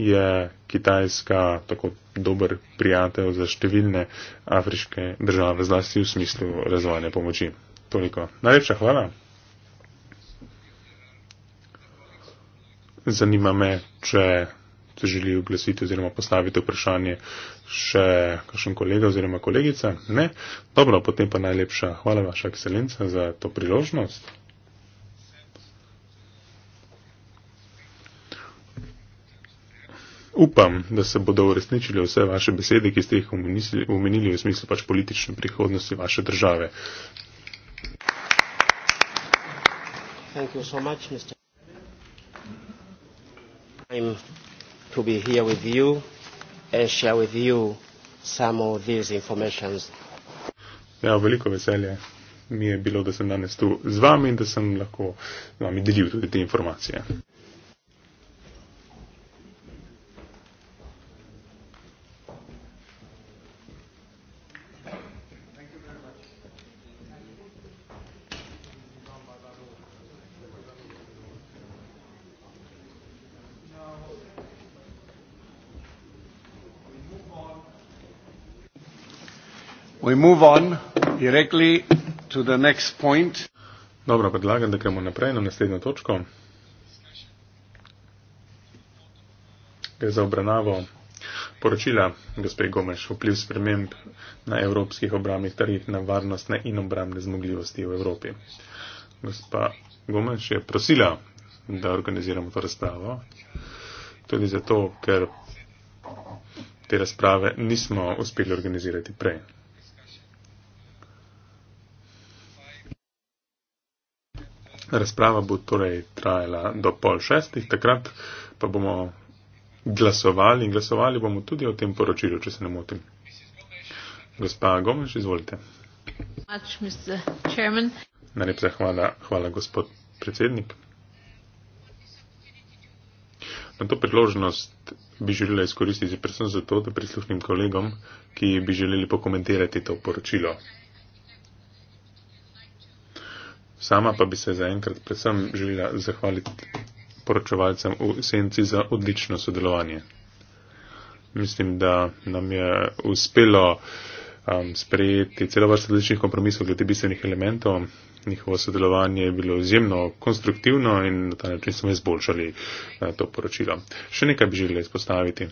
je Kitajska tako dober prijatelj za številne afriške države, zlasti v smislu razvojne pomoči toliko. Najlepša hvala. Zanima me, če se želi oglasiti oziroma postaviti vprašanje še kakšen kolega oziroma kolegica. Ne? Dobro, potem pa najlepša hvala vaša ekscelenca za to priložnost. Upam, da se bodo uresničili vse vaše besede, ki ste jih omenili v smislu pač politične prihodnosti vaše države. Thank you so much, Mr. I'm to be here with you and share with you some of these informations. Ja, veliko veselje mi je bilo, da sem danes tu z vami in da sem lahko z vami delil tudi te informacije. We move on directly to the next point. Dobro, predlagam, da gremo naprej na naslednjo točko. Gre za obravnavo poročila gospe Gomeš vpliv sprememb na evropskih obramnih tarih na varnostne in obramne zmogljivosti v Evropi. Gospa Gomeš je prosila, da organiziramo to razpravo, tudi zato, ker te razprave nismo uspeli organizirati prej. Razprava bo torej trajala do pol šestih, takrat pa bomo glasovali in glasovali bomo tudi o tem poročilu, če se ne motim. Gospa Gomes, izvolite. Najlepša hvala, hvala gospod predsednik. Na to priložnost bi želela izkoristiti predvsem zato, da prisluhnim kolegom, ki bi želeli pokomentirati to poročilo. Sama pa bi se zaenkrat predvsem želila zahvaliti poročevalcem v senci za odlično sodelovanje. Mislim, da nam je uspelo um, sprejeti celo vrsto različnih kompromisov glede bistvenih elementov. Njihovo sodelovanje je bilo izjemno konstruktivno in na ta način smo izboljšali uh, to poročilo. Še nekaj bi želela izpostaviti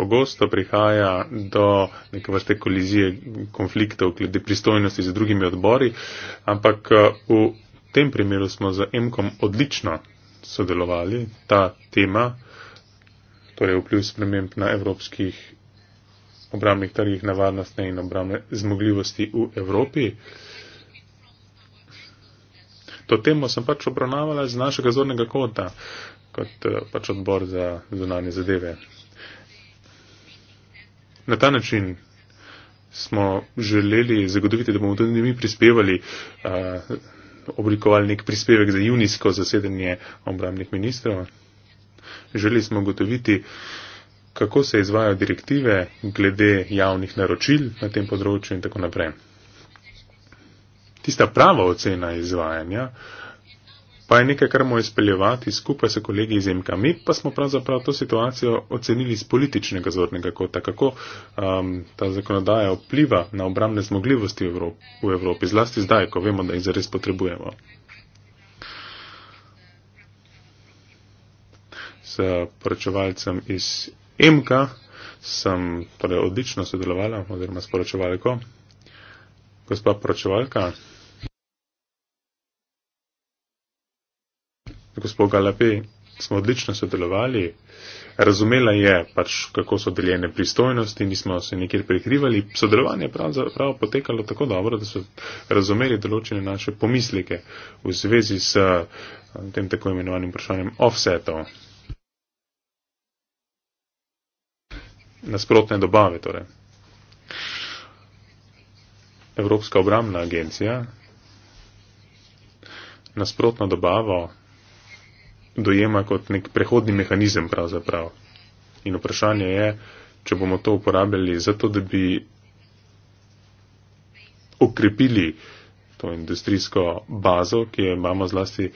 pogosto prihaja do neke vrste kolizije, konfliktov glede pristojnosti z drugimi odbori, ampak eh, v tem primeru smo z Emkom odlično sodelovali. Ta tema, torej vpliv sprememb na evropskih obramnih trgih, na varnostne in obramne zmogljivosti v Evropi. To temo sem pač obravnavala z našega zornega kota kot eh, pač odbor za zunanje zadeve na ta način smo želeli zagotoviti, da bomo tudi mi prispevali, uh, oblikovali nek prispevek za junijsko zasedanje obramnih ministrov. Želeli smo gotoviti, kako se izvajo direktive glede javnih naročil na tem področju in tako naprej. Tista prava ocena izvajanja uh, pa je nekaj, kar moramo izpeljevati skupaj s kolegi iz MK. Mi pa smo pravzaprav to situacijo ocenili z političnega zornega kota, kako um, ta zakonodaja vpliva na obramne zmogljivosti v Evropi, zlasti zdaj, ko vemo, da jih zares potrebujemo. S poročevalcem iz MK sem torej, odlično sodelovala, oziroma s poročevalko. Gospa poročevalka. gospod Galapi, smo odlično sodelovali, razumela je pač, kako so deljene pristojnosti, nismo se nekjer prikrivali, sodelovanje pravzaprav potekalo tako dobro, da so razumeli določene naše pomislike v zvezi s eh, tem tako imenovanim vprašanjem offsetov. Nasprotne dobave torej. Evropska obramna agencija nasprotno dobavo dojema kot nek prehodni mehanizem pravzaprav. In vprašanje je, če bomo to uporabljali zato, da bi okrepili to industrijsko bazo, ki jo imamo zlasti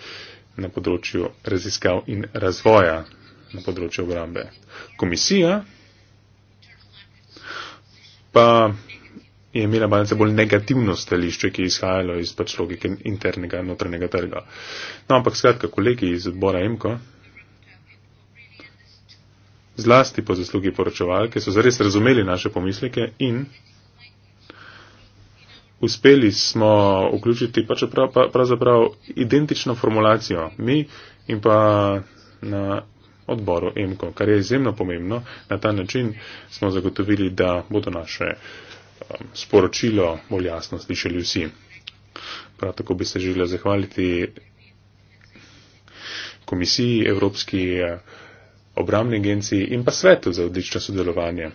na področju raziskav in razvoja na področju obrambe. Komisija pa je imela malce bolj negativno stališče, ki je izhajalo iz pač logike internega in notranjega trga. No, ampak skratka, kolegi iz odbora EMKO, zlasti po zaslugi poročevalke, so zares razumeli naše pomisleke in uspeli smo vključiti pač prav, pravzaprav identično formulacijo mi in pa na odboru EMKO, kar je izjemno pomembno. Na ta način smo zagotovili, da bodo naše. Um, sporočilo bolj jasno slišali vsi. Prav tako bi se želela zahvaliti komisiji, Evropski eh, obramni agenciji in pa svetu za odlično sodelovanje.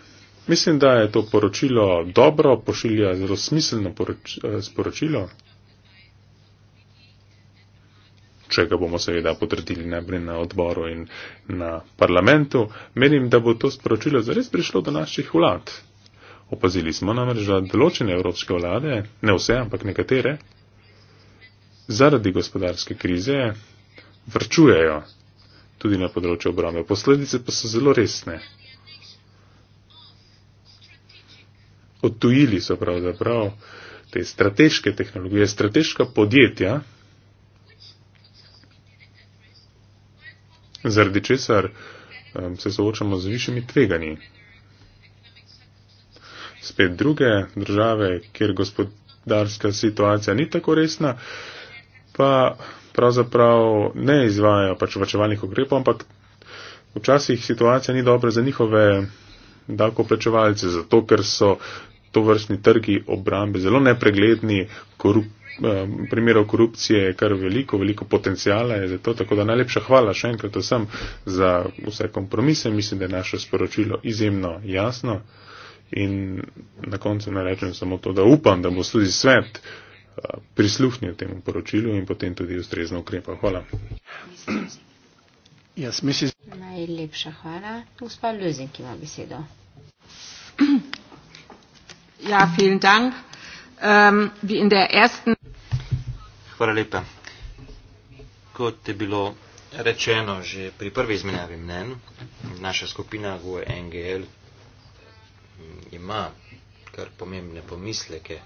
Mislim, da je to poročilo dobro, pošilja zelo smiselno eh, sporočilo, če ga bomo seveda potrdili najprej na odboru in na parlamentu. Menim, da bo to sporočilo zares prišlo do naših vlad. Opazili smo namreč, da določene evropske vlade, ne vse, ampak nekatere, zaradi gospodarske krize vrčujejo tudi na področju obrambe. Posledice pa so zelo resne. Odtujili so pravzaprav te strateške tehnologije, strateška podjetja, zaradi česar se soočamo z višjimi tveganji spet druge države, kjer gospodarska situacija ni tako resna, pa pravzaprav ne izvajajo pač vračevalnih ukrepov, ampak včasih situacija ni dobra za njihove davkoplačevalce, zato ker so to vrstni trgi obrambe zelo nepregledni, korup, eh, primerov korupcije je kar veliko, veliko potencijala je za to, tako da najlepša hvala še enkrat vsem za vse kompromise, mislim, da je naše sporočilo izjemno jasno. In na koncu naj rečem samo to, da upam, da bo tudi svet eh, prisluhnil temu poročilu in potem tudi ustrezno ukrepal. Hvala. Yes, Mrs. Najlepša hvala. Gospod Ljuzek ima besedo. Ja, vielen Dank. Um, in der ersten... Hvala lepa. Kot je bilo rečeno že pri prvi izmenjavi mnen, naša skupina GUE-NGL ima kar pomembne pomisleke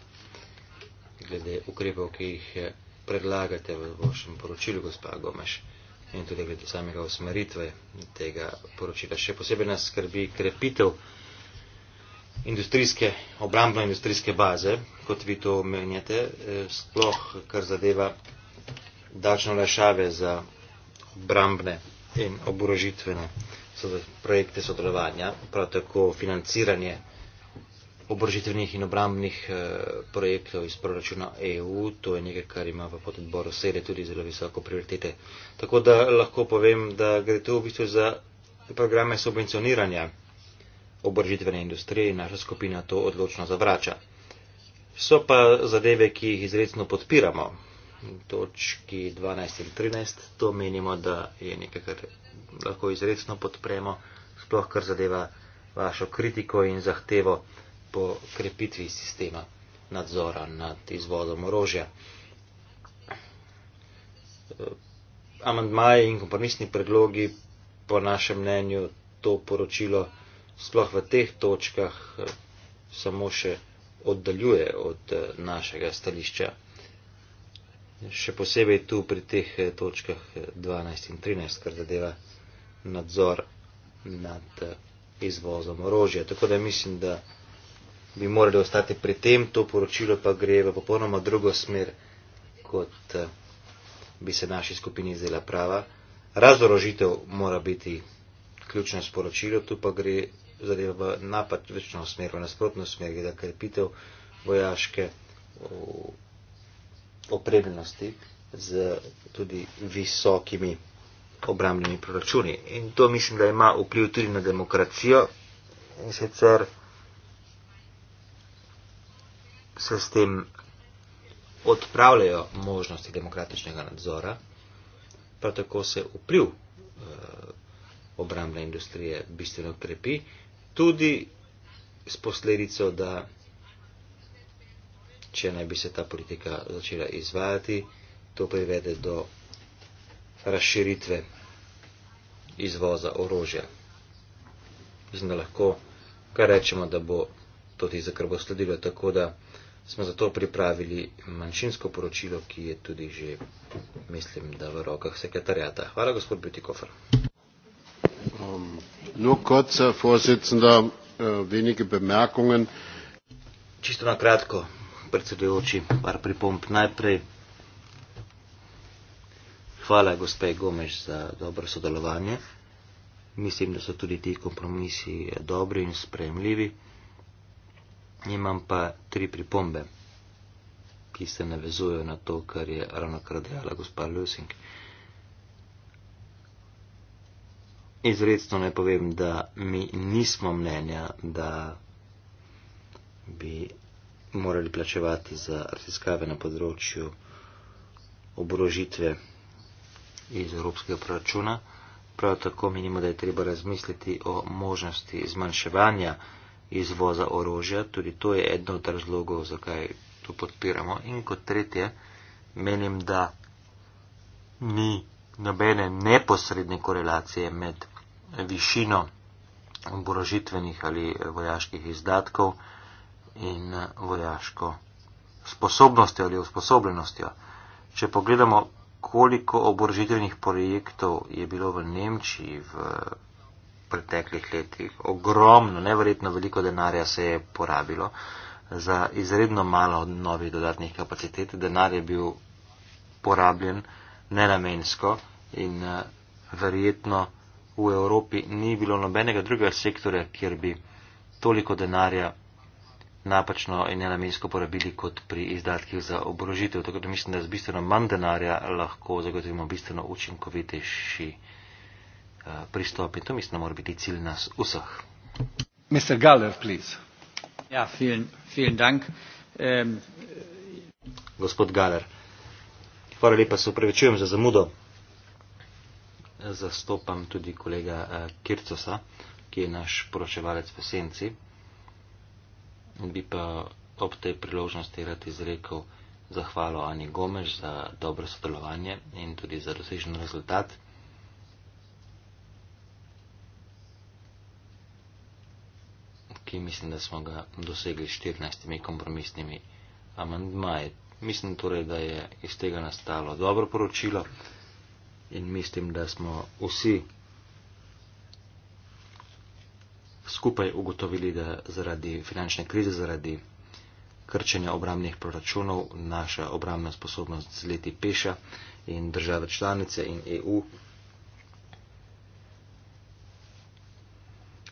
glede ukrepov, ki jih predlagate v vašem poročilu, gospa Gomeš, in tudi glede samega usmeritve tega poročila. Še posebej nas skrbi krepitev industrijske, obrambno-industrijske baze, kot vi to omenjate, eh, sploh kar zadeva dačno lešave za obrambne in oborožitvene projekte sodelovanja, prav tako financiranje obrožitvenih in obrambnih eh, projektov iz proračuna EU. To je nekaj, kar ima v podboru sede tudi zelo visoko prioritete. Tako da lahko povem, da gre to v bistvu za programe subvencioniranja obrožitvene industrije in naša skupina to odločno zavrača. So pa zadeve, ki jih izredno podpiramo. Točki 12 in 13, to menimo, da je nekaj, kar lahko izredno podpremo, sploh kar zadeva vašo kritiko in zahtevo, po krepitvi sistema nadzora nad izvozom orožja. Amandmaji in kompromisni predlogi po našem mnenju to poročilo sploh v teh točkah eh, samo še oddaljuje od eh, našega stališča. Še posebej tu pri teh eh, točkah 12 in 13, kar zadeva nadzor nad izvozom orožja. Tako da mislim, da bi morali ostati pri tem, to poročilo pa gre v popolnoma drugo smer, kot eh, bi se naši skupini zdela prava. Razorožitev mora biti ključno sporočilo, tu pa gre zadeva v napačno smer, v nasprotno smer, gre za krepitev vojaške opremljenosti z tudi visokimi obramnimi proračuni. In to mislim, da ima vpliv tudi na demokracijo. In sicer se s tem odpravljajo možnosti demokratičnega nadzora, prav tako se vpliv eh, obrambne industrije bistveno krepi, tudi s posledico, da če naj bi se ta politika začela izvajati, to privede do razširitve izvoza orožja. Mislim, da lahko kar rečemo, da bo to tisto, kar bo sledilo, tako da smo zato pripravili manjšinsko poročilo, ki je tudi že, mislim, da v rokah sekretarjata. Hvala, gospod Bitikofer. Um, no, kot se, posredstvo, nekaj bemerkungen. Čisto na kratko, predsedujoči, par pripomp najprej. Hvala, gospe Gomeš, za dobro sodelovanje. Mislim, da so tudi ti kompromisi dobri in spremljivi. Nimam pa tri pripombe, ki se navezujejo na to, kar je ravno kar dejala gospa Lusing. Izredno naj povem, da mi nismo mnenja, da bi morali plačevati za raziskave na področju oborožitve iz evropskega proračuna. Prav tako menimo, da je treba razmisliti o možnosti zmanjševanja izvoza orožja, tudi to je eden od razlogov, zakaj to podpiramo. In kot tretje, menim, da ni nobene neposredne korelacije med višino oborožitvenih ali eh, vojaških izdatkov in eh, vojaško sposobnostjo ali usposobljenostjo. Če pogledamo, koliko oborožitvenih projektov je bilo v Nemčiji, v preteklih letih. Ogromno, neverjetno veliko denarja se je porabilo za izredno malo novih dodatnih kapacitet. Denar je bil porabljen nenamensko in eh, verjetno v Evropi ni bilo nobenega drugega sektorja, kjer bi toliko denarja napačno in nenamensko porabili kot pri izdatkih za obrožitev. Tako da mislim, da z bistveno manj denarja lahko zagotovimo bistveno učinkovitejši. Eh, pristopi. To mislim, da mora biti cilj nas vseh. Mr. Galler, prosim. Ja, vielen, vielen Dank. Um, Gospod Galler, hvala lepa, se upravičujem za zamudo. Zastopam tudi kolega eh, Kircosa, ki je naš poročevalec v Senci. Bi pa ob tej priložnosti rad izrekel zahvalo Ani Gomež za dobro sodelovanje in tudi za dosežen rezultat. ki mislim, da smo ga dosegli s 14 kompromisnimi amandmaji. Mislim torej, da je iz tega nastalo dobro poročilo in mislim, da smo vsi skupaj ugotovili, da zaradi finančne krize, zaradi krčenja obramnih proračunov naša obramna sposobnost z leti peša in države članice in EU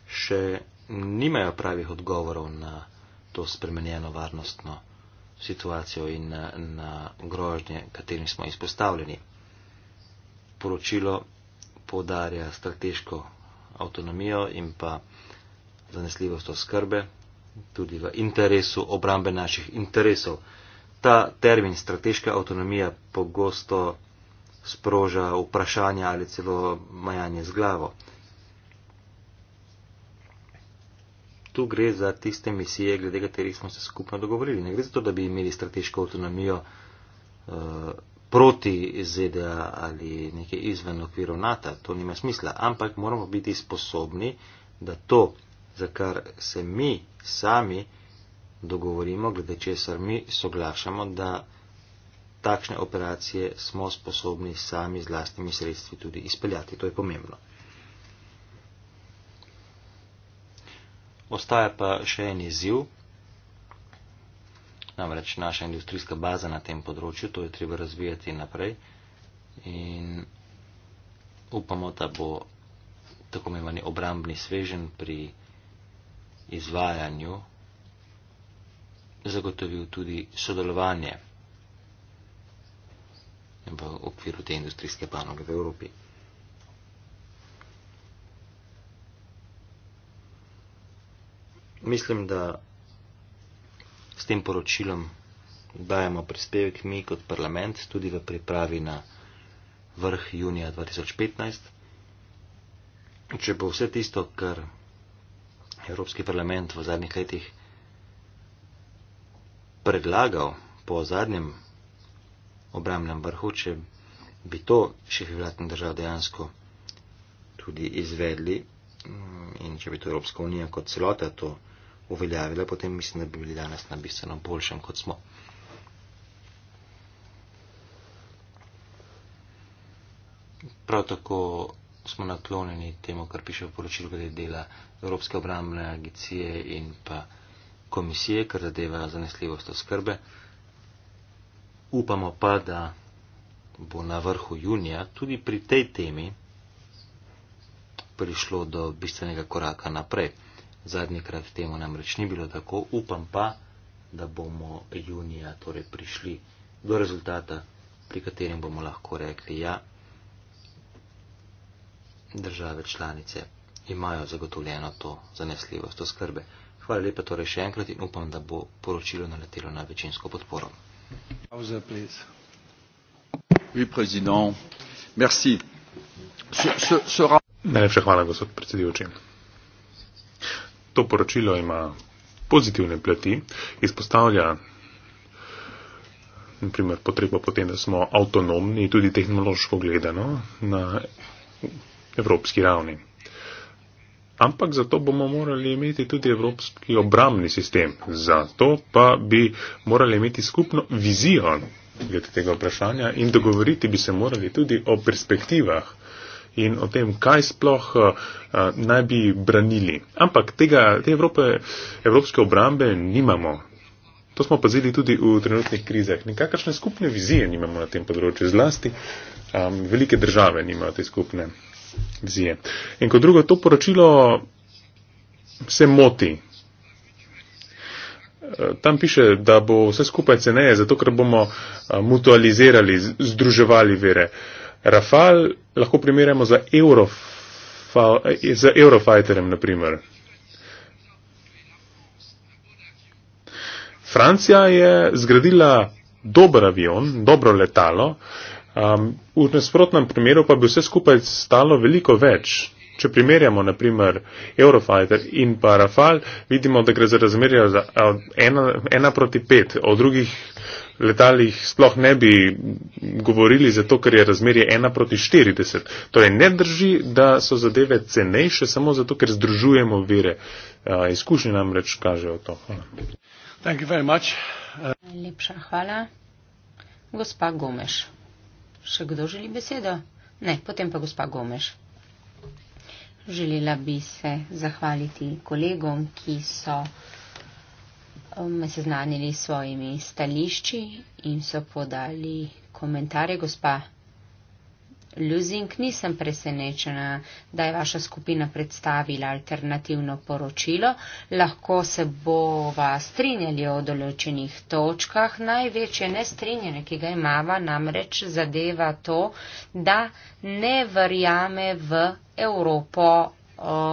še nimajo pravih odgovorov na to spremenjeno varnostno situacijo in na, na grožnje, katerim smo izpostavljeni. Poročilo podarja strateško avtonomijo in pa zanesljivost oskrbe, tudi v interesu obrambe naših interesov. Ta termin strateška avtonomija pogosto sproža vprašanja ali celo majanje z glavo, tu gre za tiste misije, glede katerih smo se skupno dogovorili. Ne gre za to, da bi imeli strateško avtonomijo uh, proti ZDA ali nekaj izven okvirov NATO, to nima smisla, ampak moramo biti sposobni, da to, za kar se mi sami dogovorimo, glede česar mi soglašamo, da takšne operacije smo sposobni sami z lastnimi sredstvi tudi izpeljati. To je pomembno. Ostaja pa še en izziv, namreč naša industrijska baza na tem področju, to je treba razvijati naprej in upamo, da bo tako imenovani obrambni svežen pri izvajanju zagotovil tudi sodelovanje v okviru te industrijske panoge v Evropi. mislim, da s tem poročilom dajemo prispevek mi kot parlament tudi v pripravi na vrh junija 2015. Če bo vse tisto, kar Evropski parlament v zadnjih letih predlagal po zadnjem obramnem vrhu, če bi to šefi vladnih držav dejansko tudi izvedli mm, in če bi to Evropska unija kot celota to uveljavile, potem mislim, da bi bili danes na bistveno boljšem, kot smo. Prav tako smo naklonjeni temu, kar piše v poročilu glede dela Evropske obrambne agencije in pa komisije, kar zadeva zanesljivost oskrbe. Upamo pa, da bo na vrhu junija tudi pri tej temi prišlo do bistvenega koraka naprej zadnjikrat temu namreč ni bilo tako, upam pa, da bomo junija torej prišli do rezultata, pri katerem bomo lahko rekli, ja, države članice imajo zagotovljeno to zanesljivost oskrbe. Hvala lepa torej še enkrat in upam, da bo poročilo naletelo na večinsko podporo. Najlepša hvala, gospod predsedujoči. To poročilo ima pozitivne plati, izpostavlja naprimer, potrebo potem, da smo avtonomni tudi tehnološko gledano na evropski ravni. Ampak zato bomo morali imeti tudi evropski obramni sistem. Zato pa bi morali imeti skupno vizijo glede tega vprašanja in dogovoriti bi se morali tudi o perspektivah in o tem, kaj sploh eh, naj bi branili. Ampak tega, te Evrope, evropske obrambe nimamo. To smo pazili tudi v trenutnih krizah. Nekakšne skupne vizije nimamo na tem področju zlasti. Um, velike države nimajo te skupne vizije. In kot drugo, to poročilo se moti. Eh, tam piše, da bo vse skupaj ceneje, zato ker bomo eh, mutualizirali, združevali vere. Uh, Rafal lahko primerjamo za Eurofa, Eurofighterem, naprimer. Francija je zgradila dober avion, dobro letalo, um, v nasprotnem primeru pa bi vse skupaj stalo veliko več. Če primerjamo naprimer Eurofighter in pa Rafal, vidimo, da gre za razmerja za ena, ena proti pet, o drugih uh, letalih sploh ne bi govorili, zato ker je razmerje 1 proti 40. Torej ne drži, da so zadeve cenejše samo zato, ker združujemo vire. Izkušnje nam reč kažejo to. Najlepša hvala. Gospa Gomeš. Še kdo želi besedo? Ne, potem pa gospa Gomeš. Želela bi se zahvaliti kolegom, ki so me um, seznanili s svojimi stališči in so podali komentarje. Gospa Luzink, nisem presenečena, da je vaša skupina predstavila alternativno poročilo. Lahko se bova strinjali o določenih točkah. Največje nestrinjene, ki ga imava, namreč zadeva to, da ne verjame v Evropo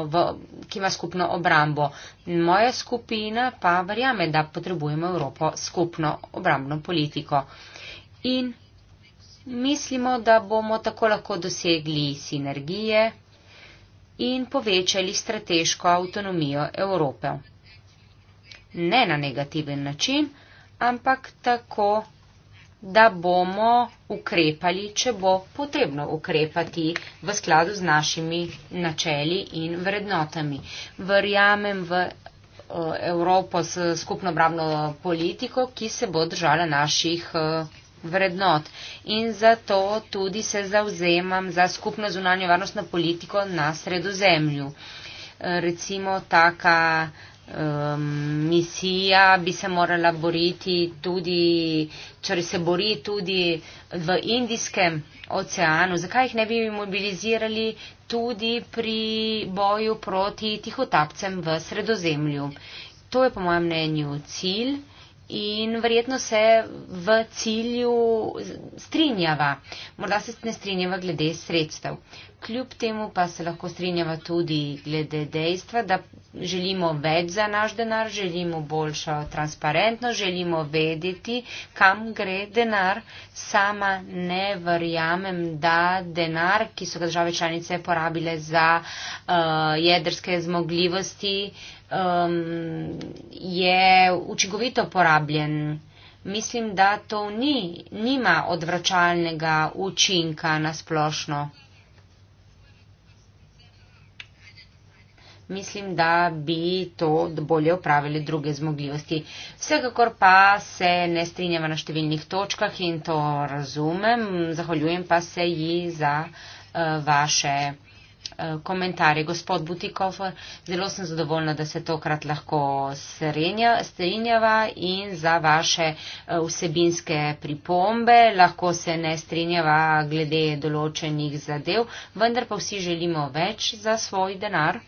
v, ki ima skupno obrambo. Moja skupina pa verjame, da potrebujemo Evropo skupno obrambno politiko. In mislimo, da bomo tako lahko dosegli sinergije in povečali strateško avtonomijo Evrope. Ne na negativen način, ampak tako, da bomo ukrepali, če bo potrebno ukrepati v skladu z našimi načeli in vrednotami. Verjamem v eh, Evropo s skupno obravno politiko, ki se bo držala naših eh, vrednot. In zato tudi se zauzemam za skupno zunanje varnostno politiko na sredozemlju. Eh, recimo taka Ehm, misija bi se morala boriti tudi, če se bori tudi v Indijskem oceanu. Zakaj jih ne bi mobilizirali tudi pri boju proti tihotapcem v sredozemlju? To je po mojem mnenju cilj in verjetno se v cilju strinjava. Morda se ne strinjava glede sredstev. Kljub temu pa se lahko strinjava tudi glede dejstva, da želimo več za naš denar, želimo boljšo transparentnost, želimo vedeti, kam gre denar. Sama ne verjamem, da denar, ki so ga države članice porabile za uh, jedrske zmogljivosti, uh, um, je učinkovito porabljen. Mislim, da to ni, nima odvračalnega učinka na splošno. Mislim, da bi to bolje upravili druge zmogljivosti. Vsekakor pa se ne strinjava na številnih točkah in to razumem. Zahvaljujem pa se ji za uh, vaše. Eh, komentarje. Gospod Butikov, zelo sem zadovoljna, da se tokrat lahko strinjava in za vaše eh, vsebinske pripombe lahko se ne strinjava glede določenih zadev, vendar pa vsi želimo več za svoj denar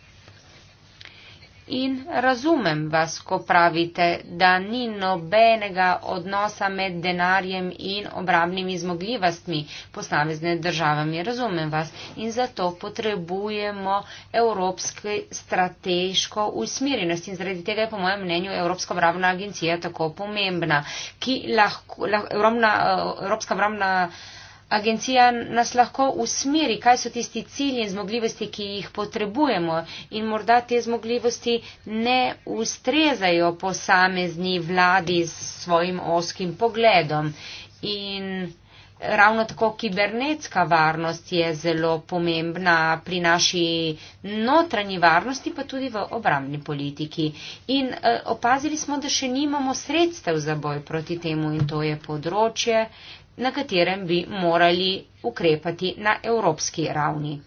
in razumem vas, ko pravite, da ni nobenega odnosa med denarjem in obrabnimi zmogljivostmi posamezne državami. Razumem vas in zato potrebujemo evropske strateško usmirjenost in zaradi tega je po mojem mnenju Evropska obrambna agencija tako pomembna, ki lahko, lahko Evropna, eh, Evropska obrambna agencija agencija nas lahko usmeri, kaj so tisti cilji in zmogljivosti, ki jih potrebujemo in morda te zmogljivosti ne ustrezajo posamezni vladi s svojim oskim pogledom. In ravno tako kibernetska varnost je zelo pomembna pri naši notranji varnosti, pa tudi v obramni politiki. In e, opazili smo, da še nimamo sredstev za boj proti temu in to je področje, na katerem bi morali ukrepati na evropski ravni.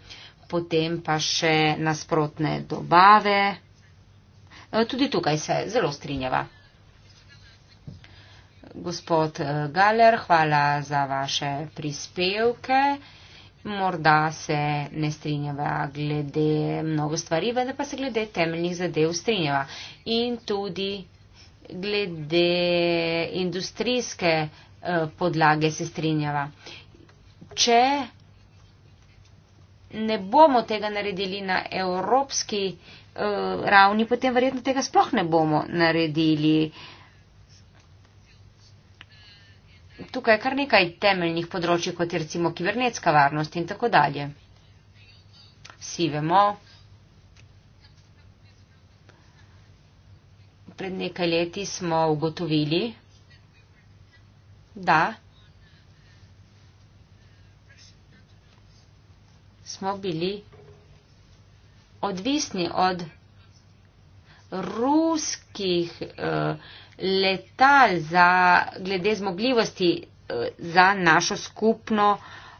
Potem pa še nasprotne dobave. E, tudi tukaj se zelo strinjava. Gospod e, Galer, hvala za vaše prispevke. Morda se ne strinjava glede mnogo stvari, vendar pa se glede temeljnih zadev strinjava. In tudi glede industrijske. Eh, podlage se strinjava. Če ne bomo tega naredili na evropski eh, ravni, potem verjetno tega sploh ne bomo naredili. Tukaj je kar nekaj temeljnih področji, kot je recimo kibernetska varnost in tako dalje. Vsi vemo, pred nekaj leti smo ugotovili, Da. Smo bili odvisni od ruskih uh, letal za, glede zmogljivosti uh, za našo skupno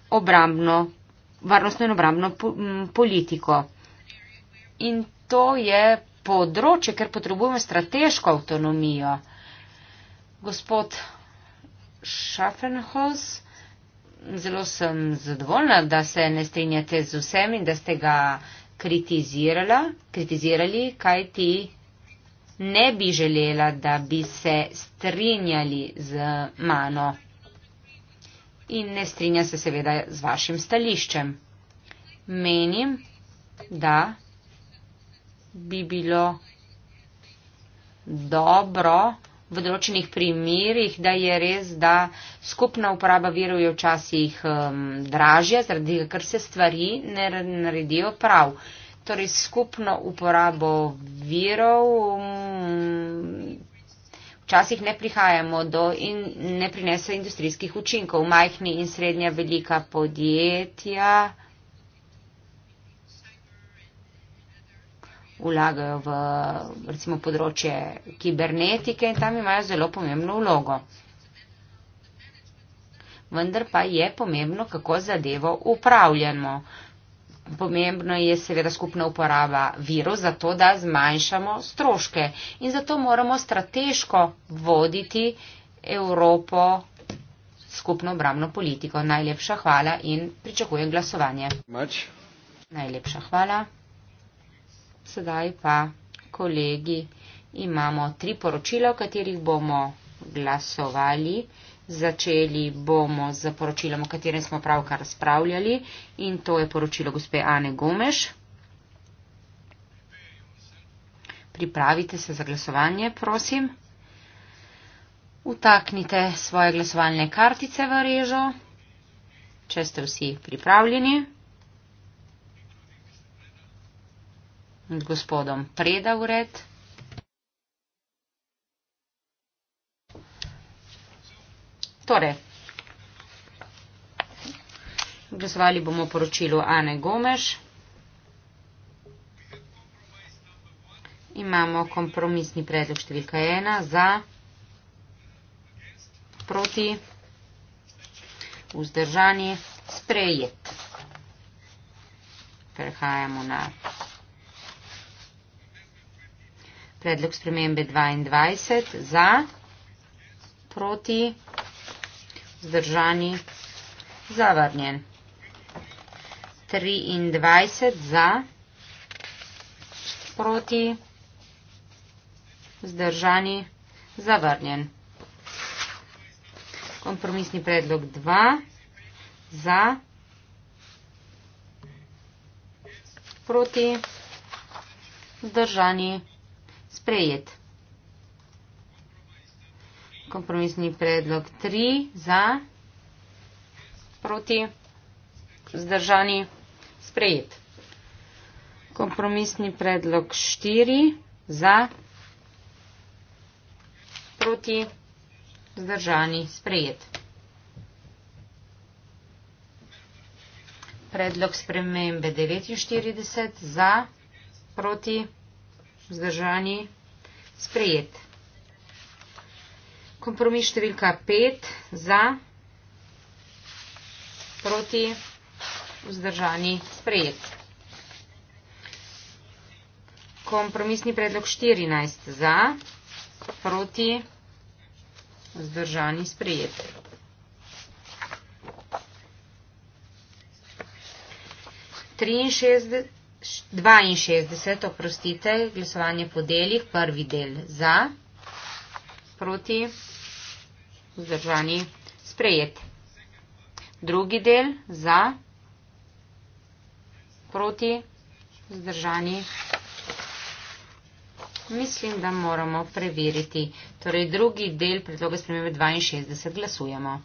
obrambno, varnostno in obrambno politiko. In to je področje, ker potrebujemo strateško avtonomijo. Gospod Schaffenhaus. Zelo sem zadovoljna, da se ne strinjate z vsem in da ste ga kritizirala, kritizirali, kaj ti ne bi želela, da bi se strinjali z mano. In ne strinja se seveda z vašim stališčem. Menim, da bi bilo dobro, v določenih primerjih, da je res, da skupna uporaba virov je včasih um, dražja, zaradi tega, ker se stvari ne naredijo prav. Torej, skupno uporabo virov um, včasih ne prihajamo do in ne prinese industrijskih učinkov. Majhni in srednja velika podjetja. vlagajo v recimo področje kibernetike in tam imajo zelo pomembno vlogo. Vendar pa je pomembno, kako zadevo upravljamo. Pomembno je seveda skupna uporaba virov, zato da zmanjšamo stroške in zato moramo strateško voditi Evropo skupno obramno politiko. Najlepša hvala in pričakujem glasovanje. Mač. Najlepša hvala. Sedaj pa, kolegi, imamo tri poročila, o katerih bomo glasovali. Začeli bomo z poročilom, o katerem smo pravkar razpravljali in to je poročilo gospe Ane Gomeš. Pripravite se za glasovanje, prosim. Utaknite svoje glasovalne kartice v režo, če ste vsi pripravljeni. med gospodom Preda ured. Torej, glasovali bomo poročilo Ane Gomeš. Imamo kompromisni predlog številka 1 za, proti, vzdržanje, sprejet. Prehajamo na predlog spremembe 22 za, proti, zdržani, zavrnjen. 23 za, proti, zdržani, zavrnjen. Kompromisni predlog 2 za, proti, zdržani, zavrnjen sprejet. Kompromisni predlog 3 za, proti, zdržani, sprejet. Kompromisni predlog 4 za, proti, zdržani, sprejet. Predlog spremembe 49 za, proti, zdržani, sprejet vzdržani, sprejet. Kompromis številka 5 za, proti, vzdržani, sprejet. Kompromisni predlog 14 za, proti, vzdržani, sprejet. Triinšestdeset. 62, oprostite, glasovanje po delih, prvi del za, proti, vzdržani, sprejet. Drugi del za, proti, vzdržani. Mislim, da moramo preveriti. Torej, drugi del predloga spremembe 62 glasujemo.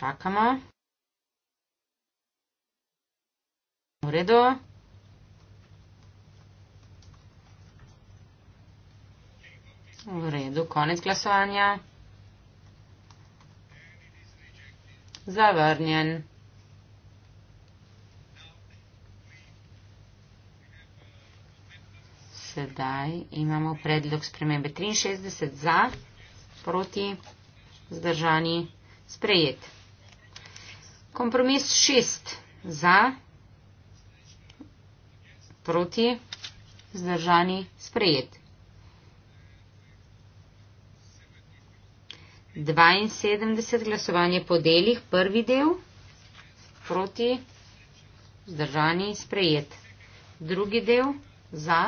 čakamo. V redu. V redu, konec glasovanja. Zavrnjen. Sedaj imamo predlog spremembe 63 za, proti, zdržani, sprejet. Kompromis šest za, proti, zdržani, sprejet. 72 glasovanje po delih, prvi del, proti, zdržani, sprejet. Drugi del, za,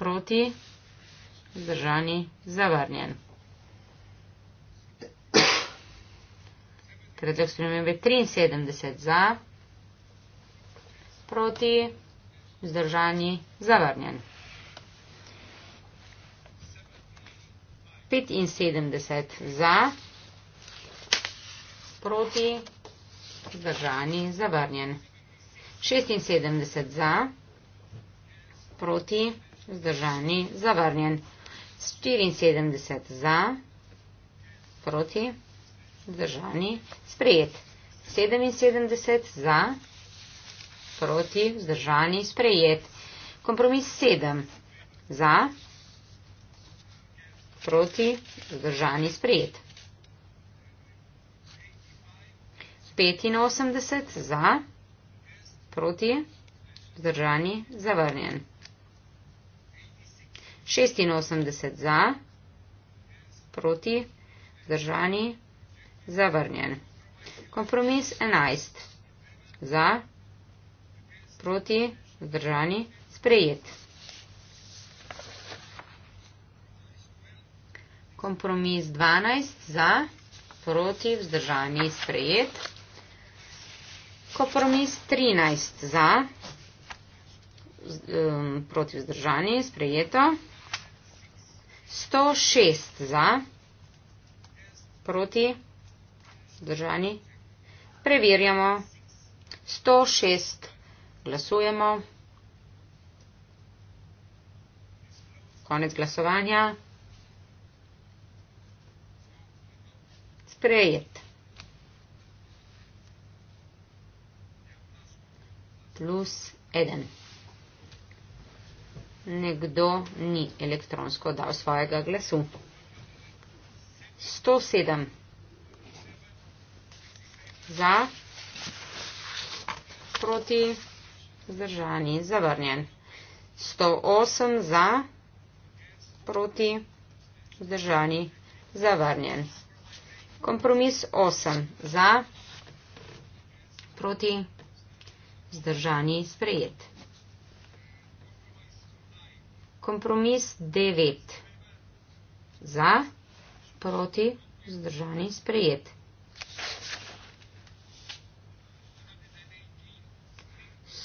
proti, zdržani, zavrnjen. Predlog spremembe 73 za, proti, vzdržani, zavrnjen. 75 za, proti, vzdržani, zavrnjen. 76 za, proti, vzdržani, zavrnjen. 74 za, proti, vzdržani, zavrnjen vzdržani, sprejet. 77 za, proti, vzdržani, sprejet. Kompromis 7 za, proti, vzdržani, sprejet. 85 za, proti, vzdržani, zavrnjen. 86 za, proti, vzdržani, zavrnjen zavrnjen. Kompromis 11. Za, proti, zdržani, sprejet. Kompromis 12. Za, proti, vzdržani, sprejet. Kompromis 13. Za, proti, vzdržani, sprejeto. 106. Za, um, proti, vzdržani, sprejeto vzdržani. Preverjamo. 106. Glasujemo. Konec glasovanja. Sprejet. Plus 1. Nekdo ni elektronsko dal svojega glasu. 107 za, proti, zdržani, zavrnjen. 108 za, proti, zdržani, zavrnjen. Kompromis 8 za, proti, zdržani, sprejet. Kompromis 9 za, proti, zdržani, sprejet.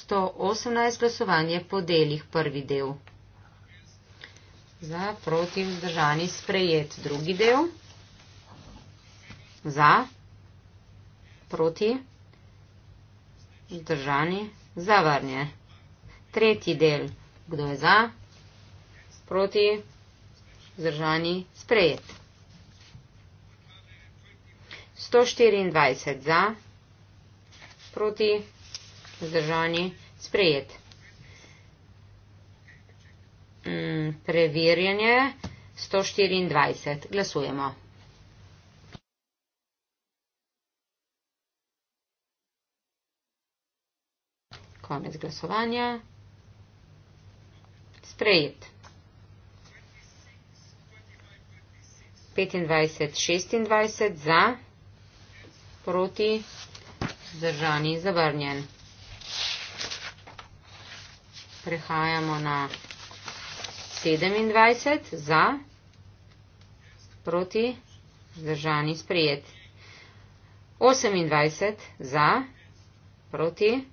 118 glasovanje po delih prvi del. Za, proti, vzdržani, sprejet drugi del. Za, proti, vzdržani, zavrnje. Tretji del, kdo je za, proti, vzdržani, sprejet. 124 za, proti, vzdržani zdržani, sprejet. Mm, preverjanje 124. Glasujemo. Konec glasovanja. Sprejet. 25, 26 za, proti, zdržani, zavrnjen prehajamo na 27 za proti zdržani sprijet. 28 za proti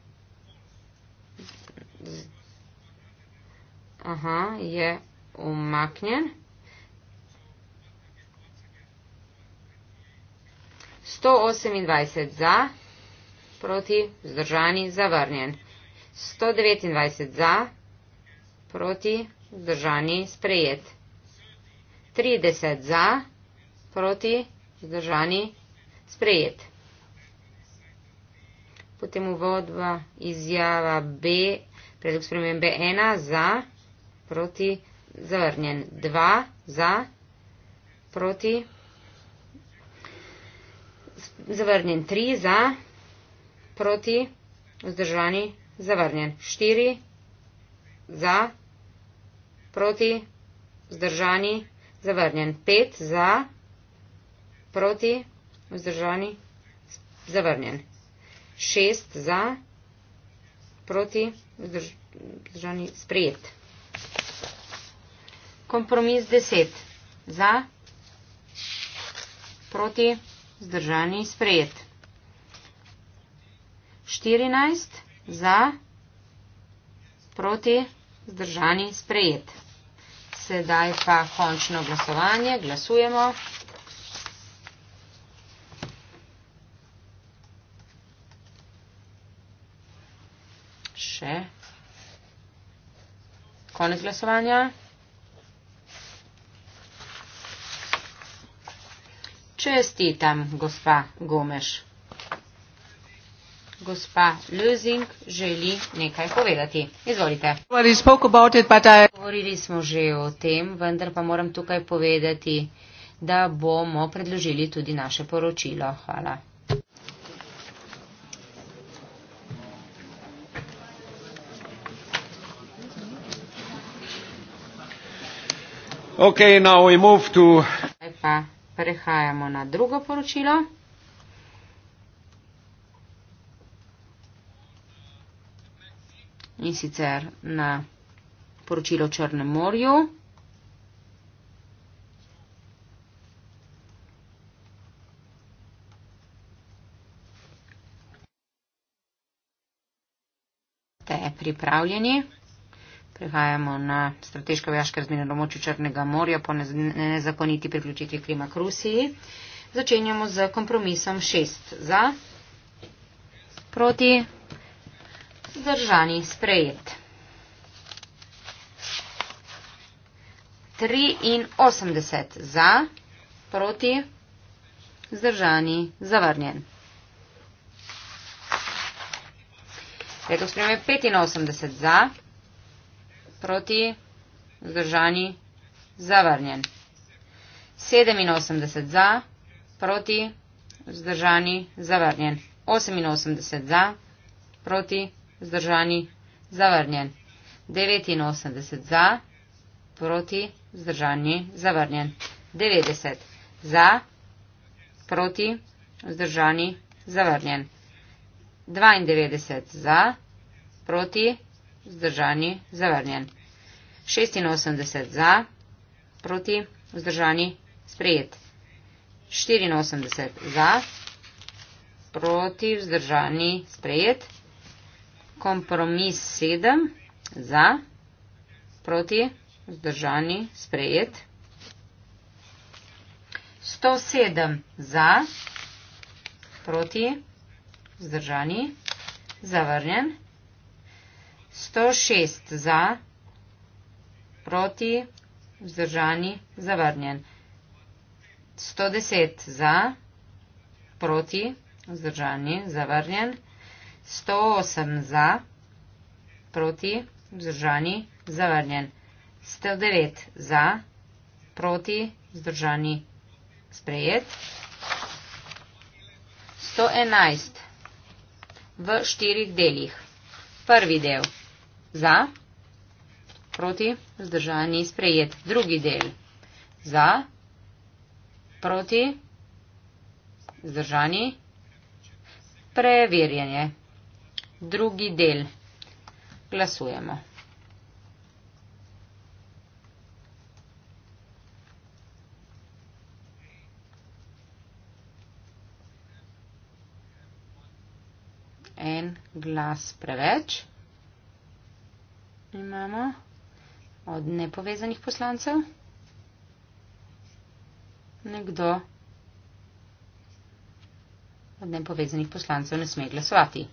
aha, je umaknjen. 128 za proti zdržani zavrnjen. 129 za, proti, vzdržani, sprejet. 30 za, proti, vzdržani, sprejet. Potem uvodva izjava B, predlog spremem B1, za, proti, zavrnjen. 2 za, proti, zavrnjen. 3 za, proti, vzdržani, sprejet. Zavrnjen. Štiri. Za. Proti. Vzdržani. Zavrnjen. Pet. Za. Proti. Vzdržani. Zavrnjen. Šest. Za. Proti. Vzdržani. Sprijet. Kompromis deset. Za. Proti. Vzdržani. Sprijet. Štirinajst za, proti, zdržani, sprejet. Sedaj pa končno glasovanje, glasujemo. Še. Konec glasovanja. Čestitam, gospa Gomeš gospa Lözing želi nekaj povedati. Izvolite. Govorili smo že o tem, vendar pa moram tukaj povedati, da bomo predložili tudi naše poročilo. Hvala. Okay, now we move to... Prehajamo na drugo poročilo. in sicer na poročilo Črnem morju. Te pripravljeni. Prihajamo na strateške vojaške razmere na območju Črnega morja po nezakoniti priključitvi Krima k Rusiji. Začenjamo z kompromisom 6 za, proti, zdržani sprejet. 83 za, proti, zdržani, zavrnjen. Leto spremembe 85 za, proti, zdržani, zavrnjen. 87 za, proti, zdržani, zavrnjen. 88 za, proti, zdržani vzdržani, zavrnjen. 89 za, proti, vzdržani, zavrnjen. 90 za, proti, vzdržani, zavrnjen. 92 za, proti, vzdržani, zavrnjen. 86 za, proti, vzdržani, sprejet. 84 za, proti, vzdržani, sprejet kompromis 7 za, proti, vzdržani, sprejet. 107 za, proti, vzdržani, zavrnjen. 106 za, proti, vzdržani, zavrnjen. 110 za, proti, vzdržani, zavrnjen. 108 za, proti, vzdržani, zavrnjen. 109 za, proti, vzdržani, sprejet. 111 v štirih delih. Prvi del za, proti, vzdržani, sprejet. Drugi del za, proti, vzdržani, preverjanje. Drugi del. Glasujemo. En glas preveč imamo od nepovezanih poslancev. Nekdo od nepovezanih poslancev ne sme glasovati.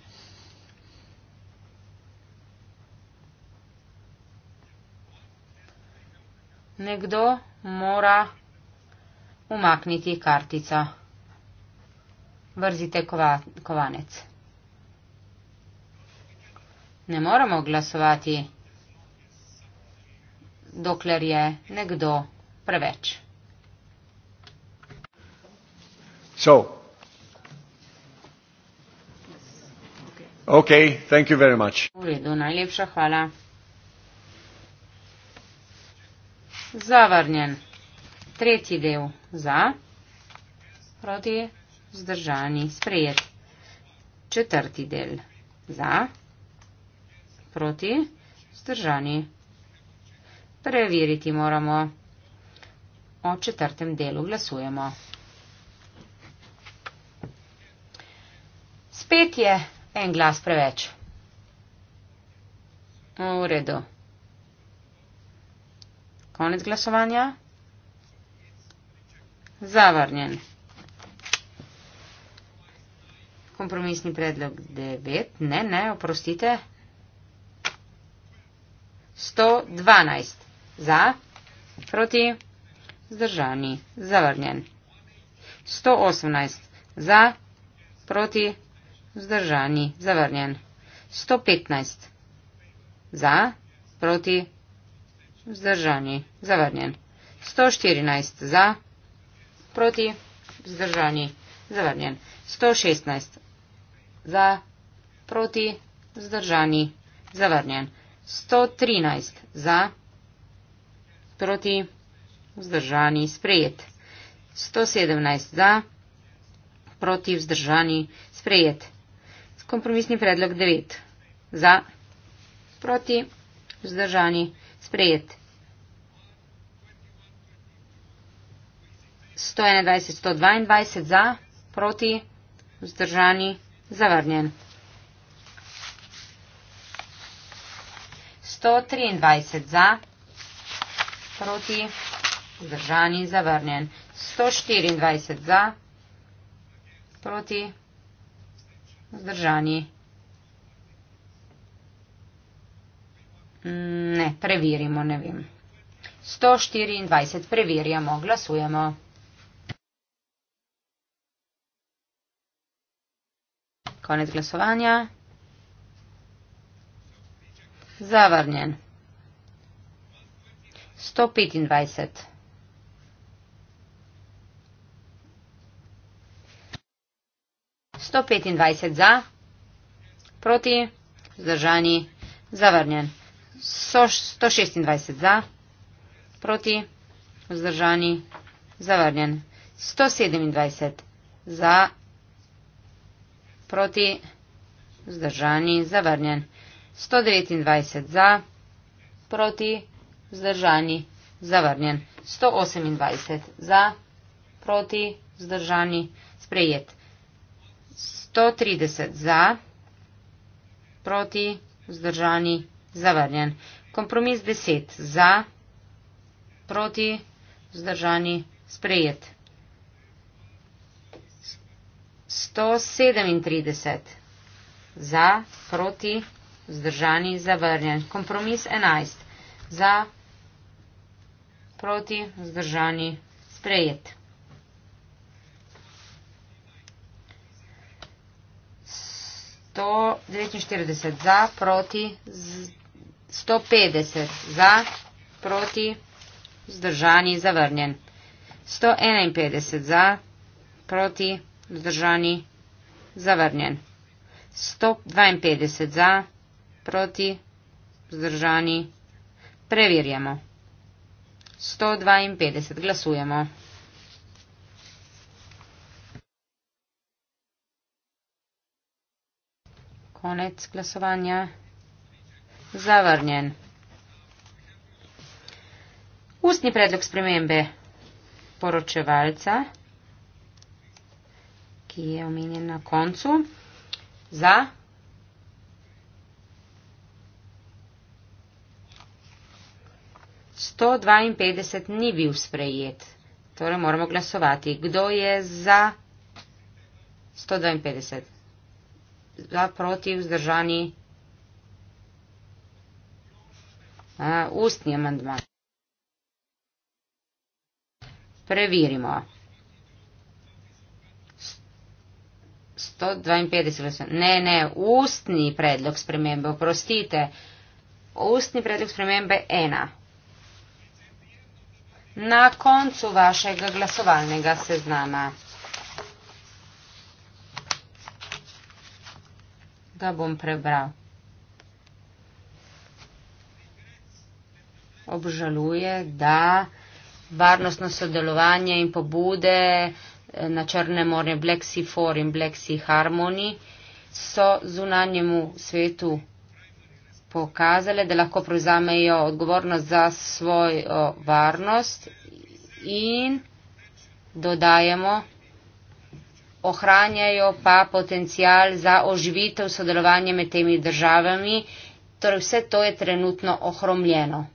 nekdo mora umakniti kartico. Vrzite kova, kovanec. Ne moramo glasovati, dokler je nekdo preveč. So. Okay, thank you very much. Uredu, najlepša hvala. zavrnjen. Tretji del za, proti, zdržani, sprejet. Četrti del za, proti, zdržani. Preveriti moramo. O četrtem delu glasujemo. Spet je en glas preveč. V redu. Konec glasovanja. Zavrnjen. Kompromisni predlog 9. Ne, ne, oprostite. 112. Za. Proti. Zdržani. Zavrnjen. 118. Za. Proti. Zdržani. Zavrnjen. 115. Za. Proti vzdržani, zavrnjen. 114 za, proti, vzdržani, zavrnjen. 116 za, proti, vzdržani, zavrnjen. 113 za, proti, vzdržani, sprejet. 117 za, proti, vzdržani, sprejet. Kompromisni predlog 9 za, proti, vzdržani, sprejet. 121, 122 za, proti, vzdržani, zavrnjen. 123 za, proti, vzdržani, zavrnjen. 124 za, proti, vzdržani. Ne, preverimo, ne vem. 124 preverjamo, glasujemo. Konec glasovanja. Zavrnjen. 125. Sto petindvajset za, proti, zdržani, zavrnjen. Sto šestindvajset za, proti, zdržani, zavrnjen. Sto sedemindvajset za, proti vzdržani zavrnjen. 129 za proti vzdržani zavrnjen. 128 za proti vzdržani sprejet. 130 za proti vzdržani zavrnjen. Kompromis 10 za proti vzdržani sprejet. 137 za, proti, vzdržani, zavrnjen. Kompromis 11 za, proti, vzdržani, sprejet. 149 za, proti, 150 za, proti, vzdržani, zavrnjen. 151 za, proti, vzdržani, zavrnjen vzdržani, zavrnjen. 152 za, proti, vzdržani, preverjamo. 152 glasujemo. Konec glasovanja. Zavrnjen. Ustni predlog spremembe poročevalca ki je omenjen na koncu, za sto dvainpetdeset ni bil sprejet. Torej moramo glasovati, kdo je za sto dvainpetdeset, za proti vzdržani uh, ustni amandman. Preverimo. 152. Ne, ne, ustni predlog spremembe, oprostite. Ustni predlog spremembe 1. Na koncu vašega glasovalnega seznama. Ga bom prebral. Obžaluje, da varnostno sodelovanje in pobude na Črne more Black Sea Forum, Black Sea Harmony, so zunanjemu svetu pokazale, da lahko prevzamejo odgovornost za svojo varnost in dodajemo, ohranjajo pa potencial za oživitev sodelovanja med temi državami. Torej vse to je trenutno ohromljeno.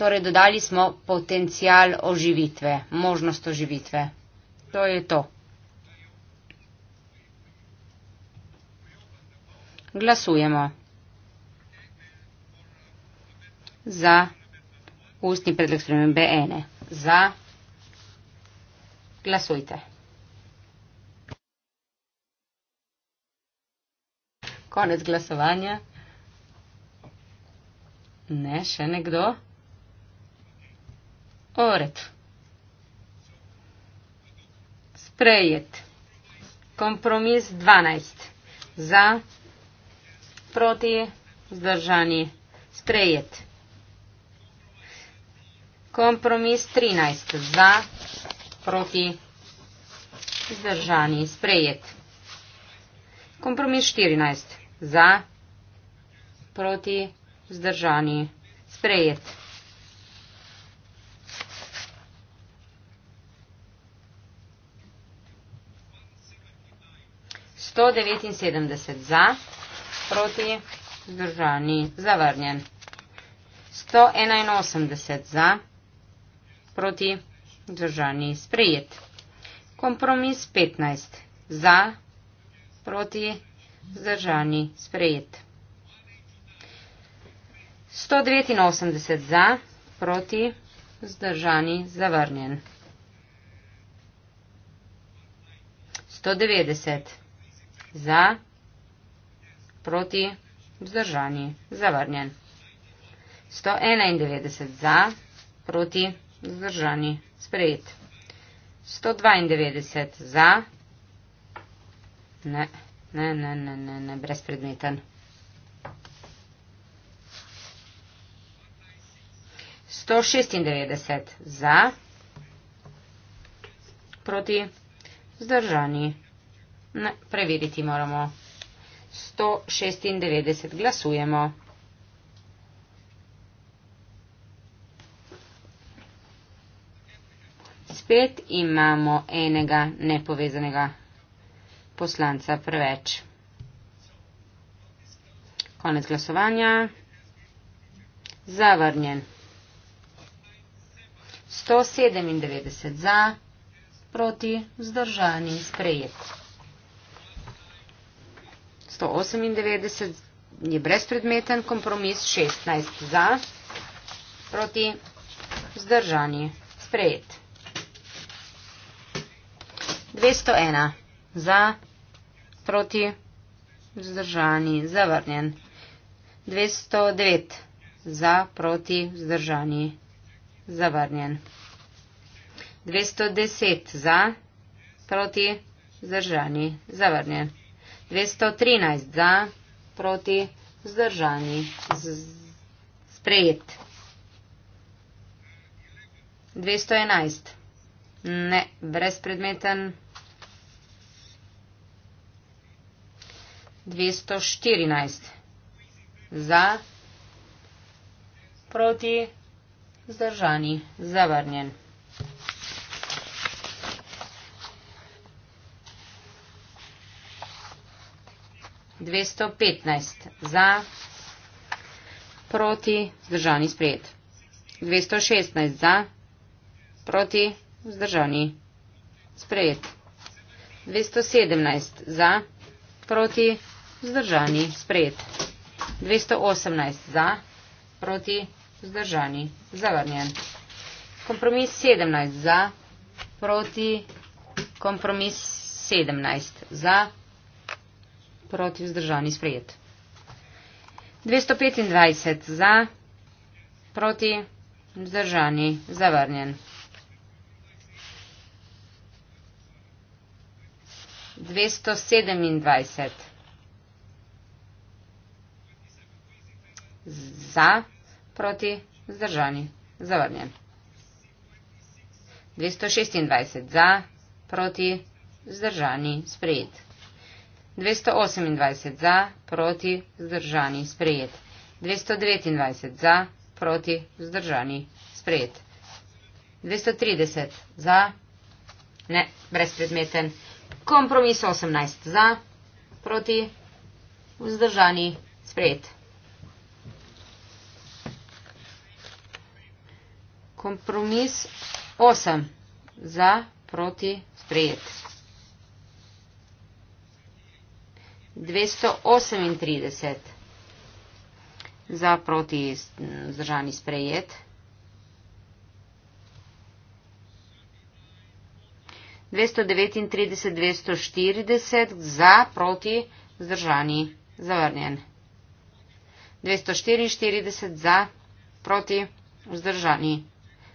Torej, dodali smo potencial oživitve, možnost oživitve. To je to. Glasujemo za ustni predlog spremembe ene. Za. Glasujte. Konec glasovanja. Ne, še nekdo? Oret. Sprejet. Kompromis 12. Za. Proti. Zdržani. Sprejet. Kompromis 13. Za. Proti. Zdržani. Sprejet. Kompromis 14. Za. Proti. Zdržani. Sprejet. 179 za, proti, zdržani, zavrnjen. 181 za, proti, zdržani, sprejet. Kompromis 15 za, proti, zdržani, sprejet. 189 za, proti, zdržani, zavrnjen. 190 za za, proti, vzdržani, zavrnjen. 191 za, proti, vzdržani, sprejet. 192 za, ne, ne, ne, ne, ne, ne brezpredmeten. 196 za, proti, vzdržani, sprejet. Ne, preveriti moramo. 196 glasujemo. Spet imamo enega nepovezanega poslanca preveč. Konec glasovanja. Zavrnjen. 197 za, proti, vzdržani, sprejet. 198 je brezpredmeten kompromis, 16 za, proti zdržani, sprejet. 201 za, proti zdržani, zavrnjen. 209 za, proti zdržani, zavrnjen. 210 za, proti zdržani, zavrnjen. 211. 213 za, proti vzdržani, sprejet. 211, ne, brezpredmeten. 214 za, proti vzdržani, zavrnjen. 213. 215 za, proti, vzdržani sprejet. 216 za, proti, vzdržani sprejet. 217 za, proti, vzdržani sprejet. 218 za, proti, vzdržani zavrnjen. Kompromis 17 za, proti, kompromis 17 za, proti, vzdržani sprejet proti vzdržani sprejet. 225 za, proti vzdržani zavrnjen. 227 za, proti vzdržani zavrnjen. 226 za, proti vzdržani sprejet. 228. 228 za, proti, vzdržani, sprejet. 229 za, proti, vzdržani, sprejet. 230 za, ne, brezpredmeten. Kompromis 18 za, proti, vzdržani, sprejet. Kompromis 8 za, proti, sprejet. 238 za proti zdržani sprejet. 239-240 za proti zdržani zavrnjen. 244 za proti zdržani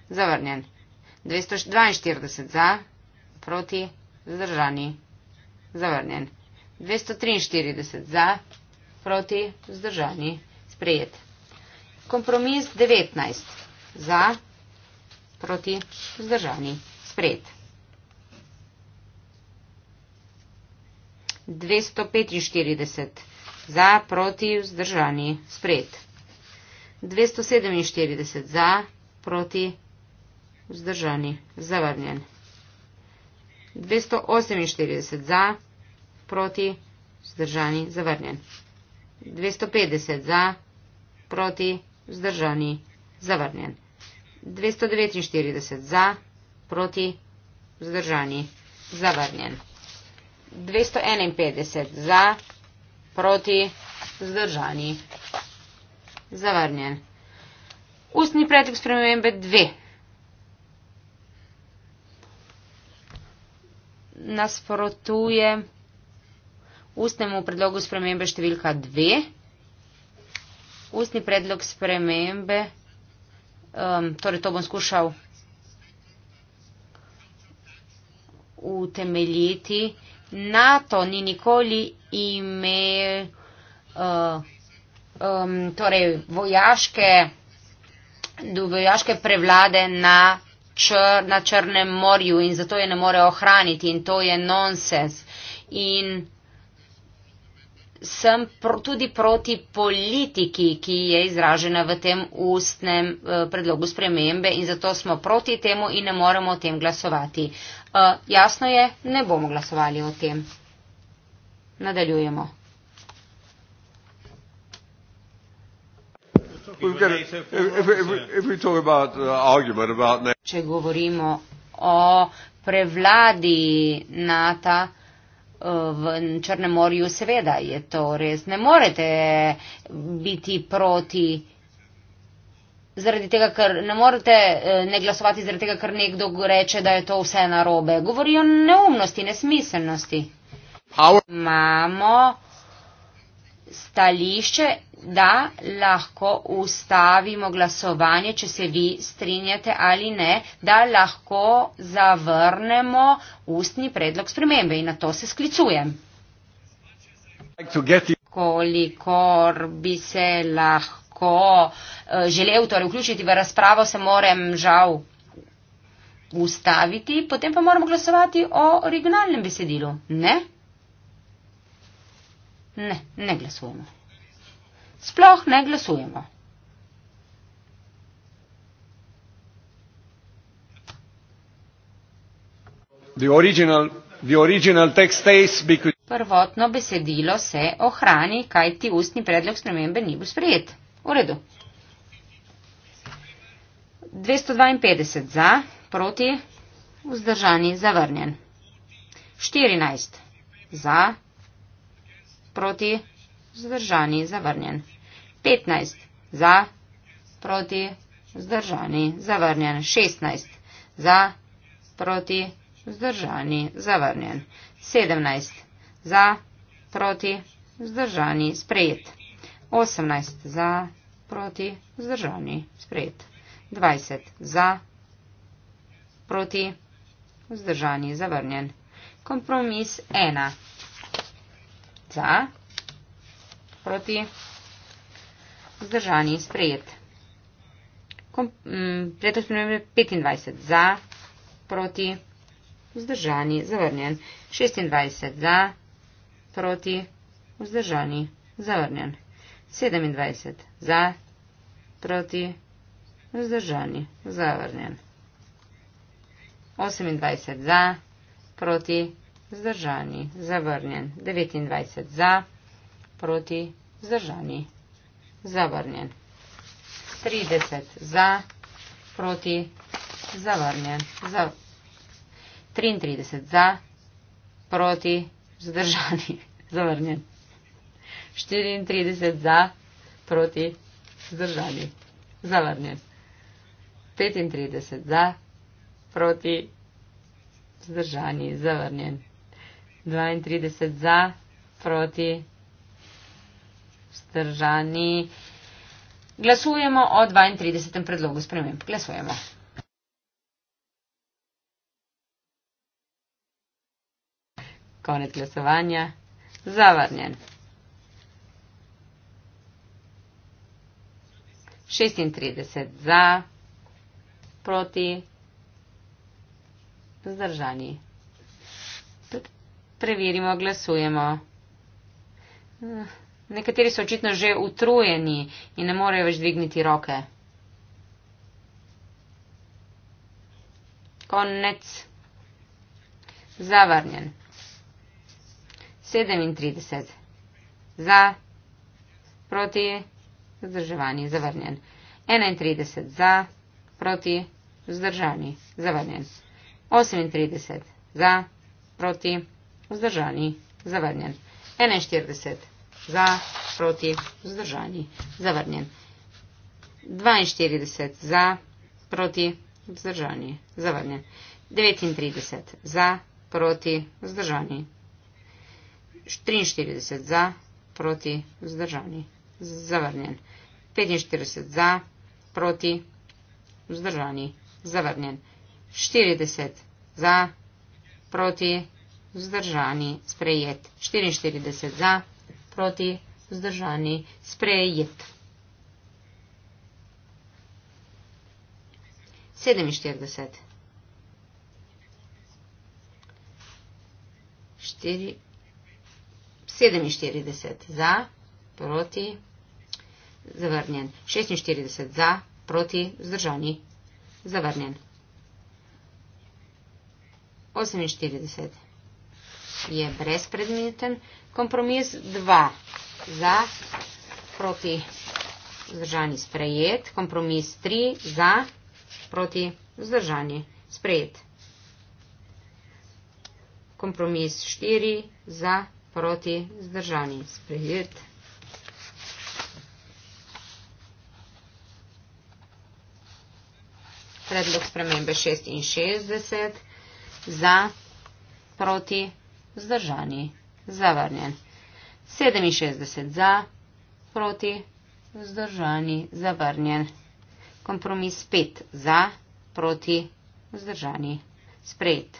zavrnjen. 242 za proti zdržani zavrnjen. 243. 243 za, proti vzdržani sprejet. Kompromis 19 za, proti vzdržani sprejet. 245 za, proti vzdržani sprejet. 247 za, proti vzdržani zavrnjen. 248 za, proti vzdržani sprejet proti, vzdržani, zavrnjen. 250 za, proti, vzdržani, zavrnjen. 249 za, proti, vzdržani, zavrnjen. 251 za, proti, vzdržani, zavrnjen. Ustni predlog spremembe 2. Nasprotujem ustnemu predlogu spremembe številka 2. Ustni predlog spremembe, um, torej to bom skušal utemeljiti. NATO ni nikoli imel uh, um, torej vojaške, vojaške prevlade na, čr, na Črnem morju in zato je ne more ohraniti in to je nonsens. In sem pro, tudi proti politiki, ki je izražena v tem ustnem uh, predlogu spremembe in zato smo proti temu in ne moremo o tem glasovati. Uh, jasno je, ne bomo glasovali o tem. Nadaljujemo. Uh, Če govorimo o prevladi NATO, v Črnem morju, seveda je to res. Ne morete biti proti, tega, ker ne morete eh, ne glasovati zaradi tega, ker nekdo reče, da je to vse narobe. Govorijo neumnosti, nesmiselnosti. Imamo stališče da lahko ustavimo glasovanje, če se vi strinjate ali ne, da lahko zavrnemo ustni predlog spremembe in na to se sklicujem. Kolikor bi se lahko eh, želel torej vključiti v razpravo, se moram žal ustaviti, potem pa moramo glasovati o originalnem besedilu. Ne? Ne, ne glasujemo sploh ne glasujemo. The original, the original text stays because... Prvotno besedilo se ohrani, kaj ti ustni predlog spremembe ni bil sprejet. V redu. 252 za, proti, vzdržani, zavrnjen. 14 za, proti, vzdržani, zavrnjen. 15 za, proti, zdržani, zavrnjen. 16 za, proti, zdržani, zavrnjen. 17 za, proti, zdržani, sprejet. 18 za, proti, zdržani, sprejet. 20 za, proti, zdržani, zavrnjen. Kompromis 1 za, proti, zdržani vzdržani in sprejet. Mm, predlog spremembe 25 za, proti, vzdržani, zavrnjen. 26 za, proti, vzdržani, zavrnjen. 27 za, proti, vzdržani, zavrnjen. 28 za, proti, vzdržani, zavrnjen. 29 za, proti, vzdržani, zavrnjen zavrnjen. 30 za, proti, zavrnjen. Za, 33 za, proti, zdržani, zavrnjen. 34 za, proti, zdržani, zavrnjen. 35 za, proti, zdržani, zavrnjen. 32 za, proti, zdržani vzdržani. Glasujemo o 32. predlogu sprememb. Glasujemo. Konec glasovanja. Zavrnjen. 36 za, proti, zdržani. Preverimo, glasujemo. Nekateri so očitno že utrujeni in ne morejo več dvigniti roke. Konec. Zavrnjen. 37. Za. Proti. Zdrževanje. Zavrnjen. 31. Za. Proti. Zdržani. Zavrnjen. 38. Za. Proti. Zdržani. Zavrnjen. 41 za, proti, vzdržani, zavrnjen. 42 za, proti, vzdržani, zavrnjen. 39 za, proti, vzdržani. 43 za, proti, vzdržani, zavrnjen. 45 za, proti, vzdržani, zavrnjen. 40 za, proti, vzdržani, sprejet. 44 za, proti, vzdržani proti zdržani sprejet. 47. 4, 47 za, proti, zavrnjen. 46 za, proti, zdržani, zavrnjen. 48 je brezpredmeten, Kompromis 2 za, proti vzdržani sprejet. Kompromis 3 za, proti vzdržani sprejet. Kompromis 4 za, proti vzdržani sprejet. Predlog spremembe 66 za, proti vzdržani sprejet zavrnjen. 67 za, proti, vzdržani, zavrnjen. Kompromis 5 za, proti, vzdržani, sprejet.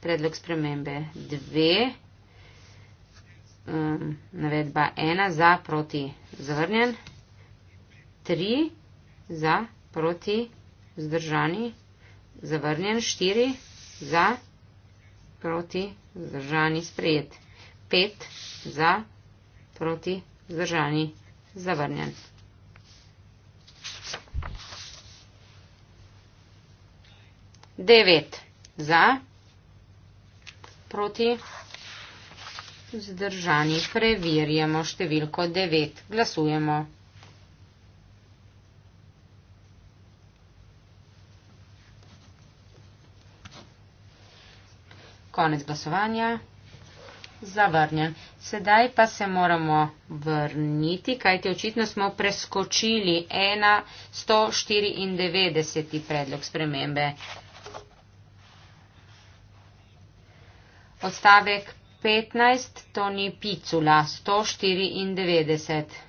Predlog spremembe 2. Um, navedba 1 za, proti, zavrnjen. 3 za, proti, vzdržani, zavrnjen. 4 za, proti, vzdržani proti, zdržani, sprejet. 5 za, proti, zdržani, zavrnjen. Devet za, proti, zdržani, preverjamo številko devet, glasujemo. Konec glasovanja. Zavrnjen. Sedaj pa se moramo vrniti, kajte očitno smo preskočili 194. predlog spremembe. Odstavek 15, to ni picula, 194.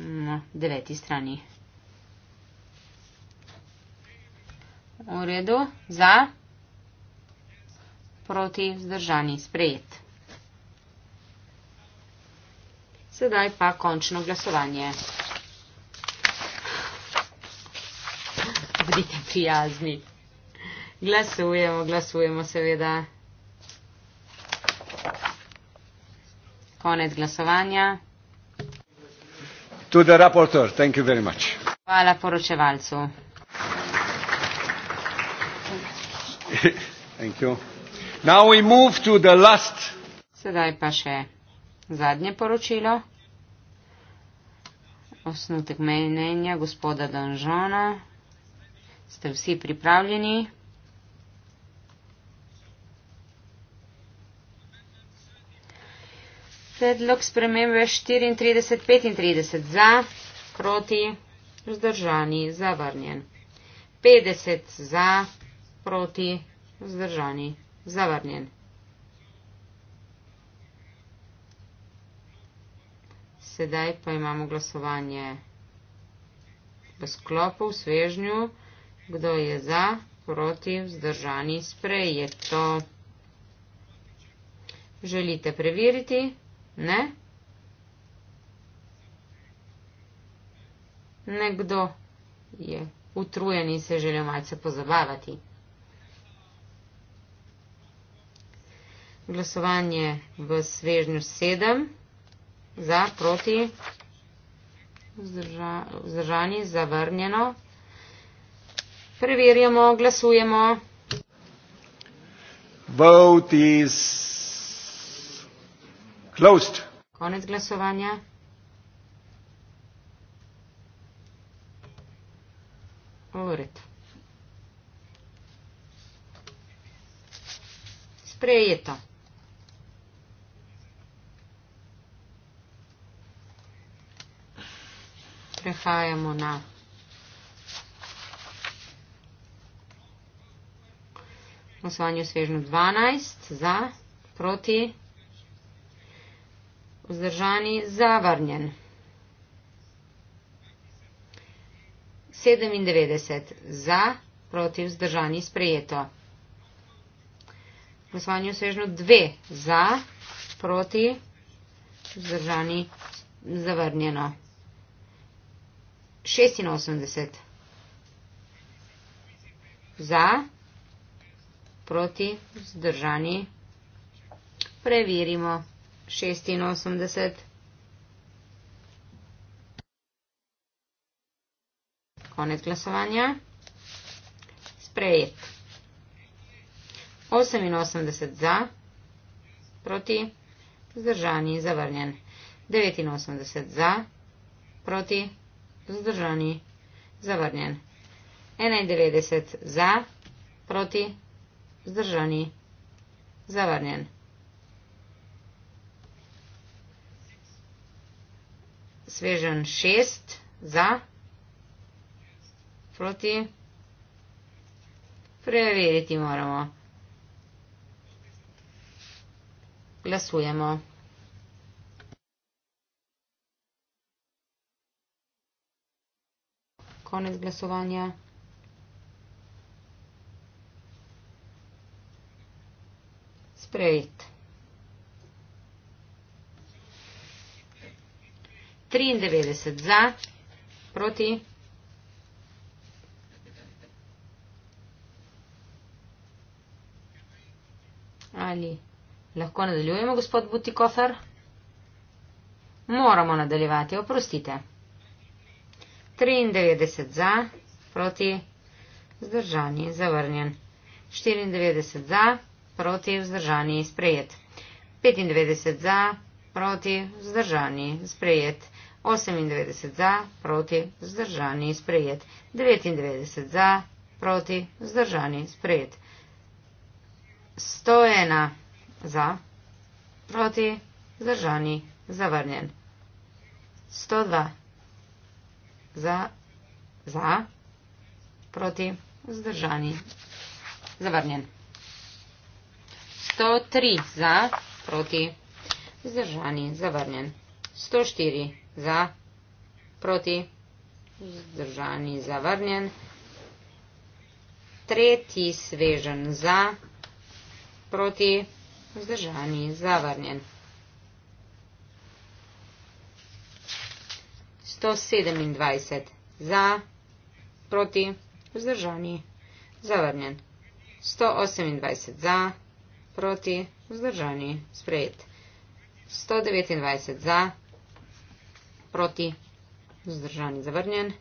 na deveti strani. V redu, za, proti, vzdržani, sprejet. Sedaj pa končno glasovanje. Bodite prijazni. Glasujemo, glasujemo seveda. Konec glasovanja. Hvala poročevalcu. Thank you. Now we move to the last. Sedaj pa še zadnje poročilo. Osnutek menjenja gospoda Donžona. Ste vsi pripravljeni? Predlog spremembe 34-35 za, proti, vzdržani, zavrnjen. 50 za, proti, vzdržani, zavrnjen. 7 pa imamo glasovanje v sklopu, v svežnju, kdo je za, proti, vzdržani, sprejeto. Želite preveriti? Želite preveriti? Ne? Nekdo je utrujen in se želi malce pozabavati. Glasovanje v svežnju 7 za, proti, vzdržani, zavrnjeno. Preverjamo, glasujemo. Vote is Closed. Konec glasovanja. Ored. Sprejeto. Prehajamo na glasovanje svežno 12 za proti vzdržani, zavrnjen. 97 za, proti vzdržani, sprejeto. Glasovanje v svežnju 2 za, proti vzdržani, zavrnjeno. 86 za, proti vzdržani, preverimo. 86. Konec glasovanja. Sprejet. 88 za, proti, zdržani, zavrnjen. 89 za, proti, zdržani, zavrnjen. 91 za, proti, zdržani, zavrnjen. svežen šest za proti preveriti moramo glasujemo konec glasovanja sprejeti 93 za, proti. Ali lahko nadaljujemo, gospod Butikofer? Moramo nadaljevati, oprostite. 93 za, proti, zdržani, zavrnjen. 94 za, proti, zdržani, sprejet. 95 za, proti, zdržani, sprejet. 98 za, proti, vzdržani, sprejet. 99 za, proti, vzdržani, sprejet. 101 za, proti, vzdržani, zavrnjen. 102 za, za, proti, vzdržani, zavrnjen. 103 za, proti, vzdržani, zavrnjen. 104 za za, proti, zdržani, zavrnjen. Tretji svežen za, proti, zdržani, zavrnjen. 127 za, proti, vzdržani, zavrnjen. 128 za, proti, vzdržani, sprejet. 129 za, proti, zdržani, zavrnjen.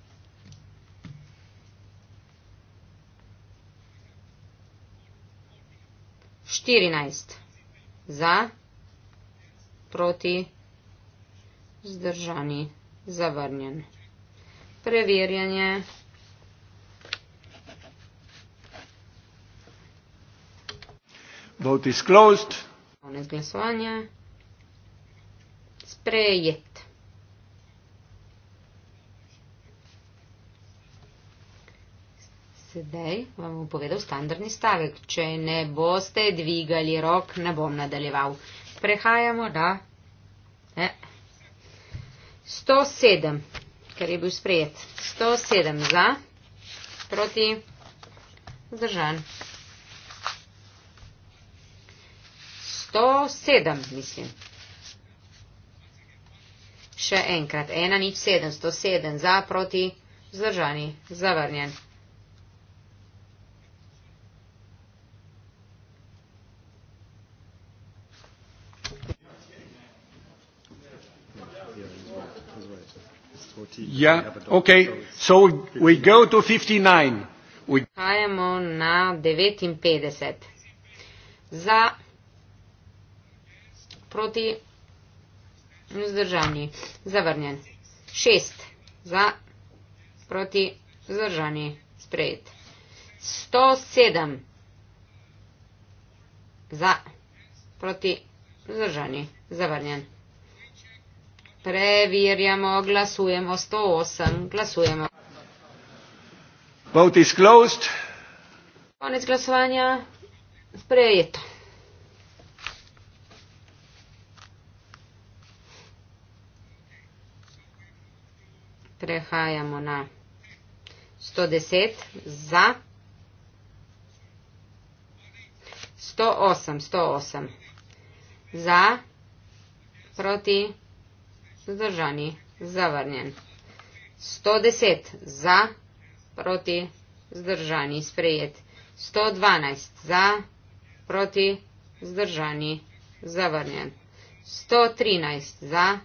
Štirinajst za, proti, zdržani, zavrnjen. Preverjanje. Vote is closed. Konec glasovanja. Sprejet. Sedaj vam bom povedal standardni stavek. Če ne boste dvigali rok, ne bom nadaljeval. Prehajamo, da. Ne. 107, ker je bil sprejet. 107 za, proti, zdržan. 107, mislim. Še enkrat, ena nič sedem, 107 za, proti, zdržani, zavrnjen. Ja, ok, so we go to 59. Hajamo we... na 59. Za proti vzdržanji. Zavrnjen. Šest. Za proti vzdržanji. Sprejet. 107. Za proti vzdržanji. Zavrnjen. Preverjamo, glasujemo 108, glasujemo. Vote is closed. Konec glasovanja, sprejeto. Prehajamo na 110 za. 108, 108. Za, proti. Zdržani. Zavrnjen. 110. Za. Proti. Zdržani. Sprejet. 112. Za. Proti. Zdržani. Zavrnjen. 113. Za.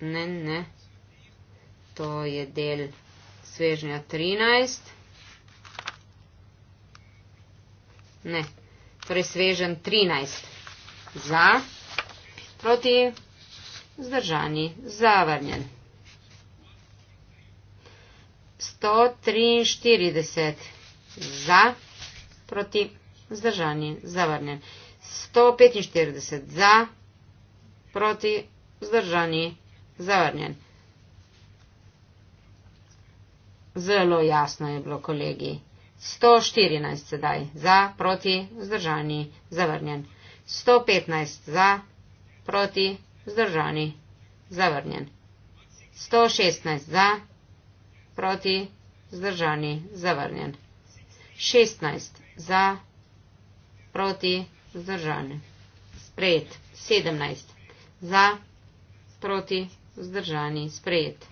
Ne, ne. To je del svežnja 13. Ne. Torej svežen 13. Za. 113 proti, zdržani, zavrnjen. 143 za, proti, zdržani, zavrnjen. 145 za, proti, zdržani, zavrnjen. Zelo jasno je bilo, kolegi. 114 sedaj za, proti, zdržani, zavrnjen. 115 za, proti, zdržani, zavrnjen. 116 za, proti, zdržani, zavrnjen. 16 za, proti, zdržani, sprejet. 17 za, proti, zdržani, sprejet.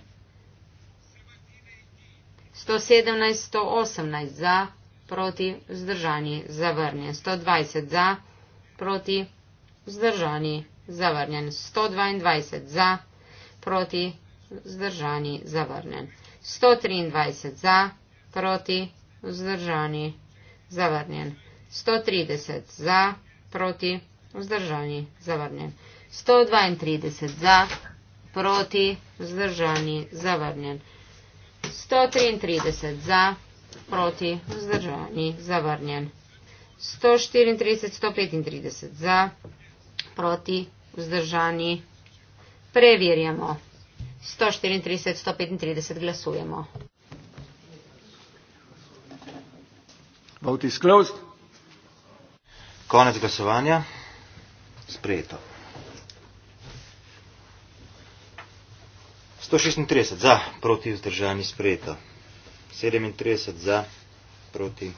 117, 118 za, proti, zdržani, zavrnjen. 120 za, proti, zdržani, zavrnjen zavrnjen. 122 za, proti, vzdržani, zavrnjen. 123 za, proti, vzdržani, zavrnjen. 130 za, proti, vzdržani, zavrnjen. 132 za, proti, vzdržani, zavrnjen. 133 za, proti, vzdržani, zavrnjen. 134, 135 za, proti vzdržani preverjamo. 134, 135 glasujemo. Vote is closed. Konec glasovanja. Sprejeto. 136 za, proti vzdržani sprejeto. 37 za, proti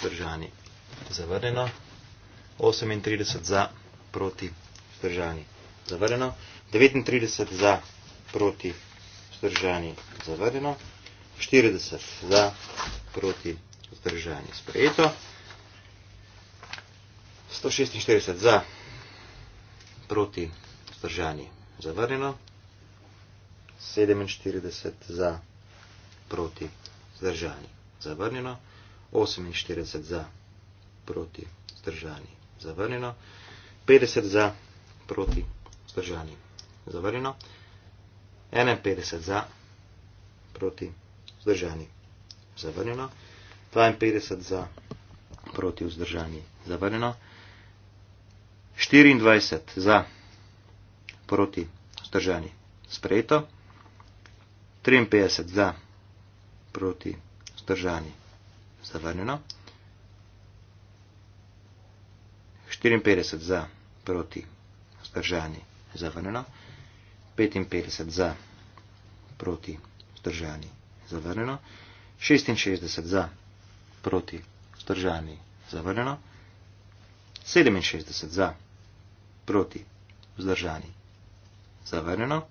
vzdržani zavrnjeno. 38 za, proti vzdržani zavrjeno. 39 za proti vzdržani zavrjeno. 40 za proti vzdržani sprejeto. 146 za proti vzdržani zavrjeno. 47 za proti vzdržani zavrnjeno, 48 za proti vzdržani zavrnjeno, 50 za, proti vzdržani. Zavrljeno. 51 za, proti vzdržani. Zavrljeno. 52 za, proti vzdržani. Zavrljeno. 24 za, proti vzdržani. Sprejeto. 53 za, proti vzdržani. Zavrljeno. 54 za, proti vzdržani proti vzdržani zavrnjeno, 55 za proti vzdržani zavrnjeno, 66 za proti vzdržani zavrnjeno, 67 za proti vzdržani zavrnjeno,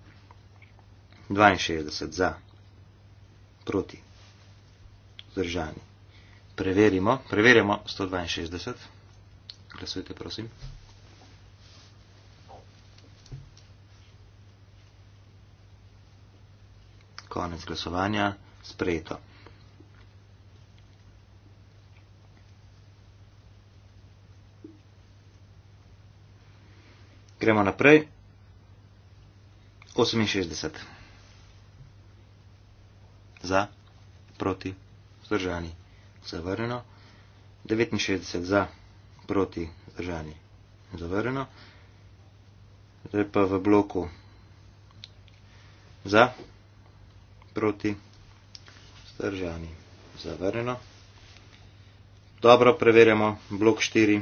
62 za proti vzdržani. Preverimo, preverimo 162. Glasujte, prosim. konec glasovanja, sprejeto. Gremo naprej. 68. Za, proti, vzdržani, zavrnjeno. 69 za, proti, vzdržani, zavrnjeno. Zdaj pa v bloku za proti, zdržani, zavrnjeno. Dobro preverjamo blok 4.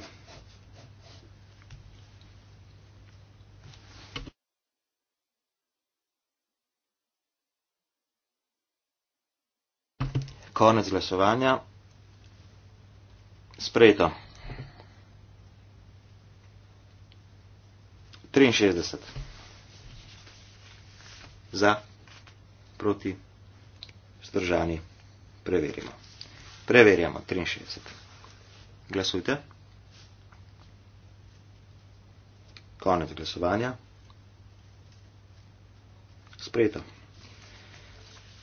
Konec glasovanja. Sprejeto. 63. Za proti zdržani. Preverimo. Preverjamo 63. Glasujte. Konec glasovanja. Sprejeto.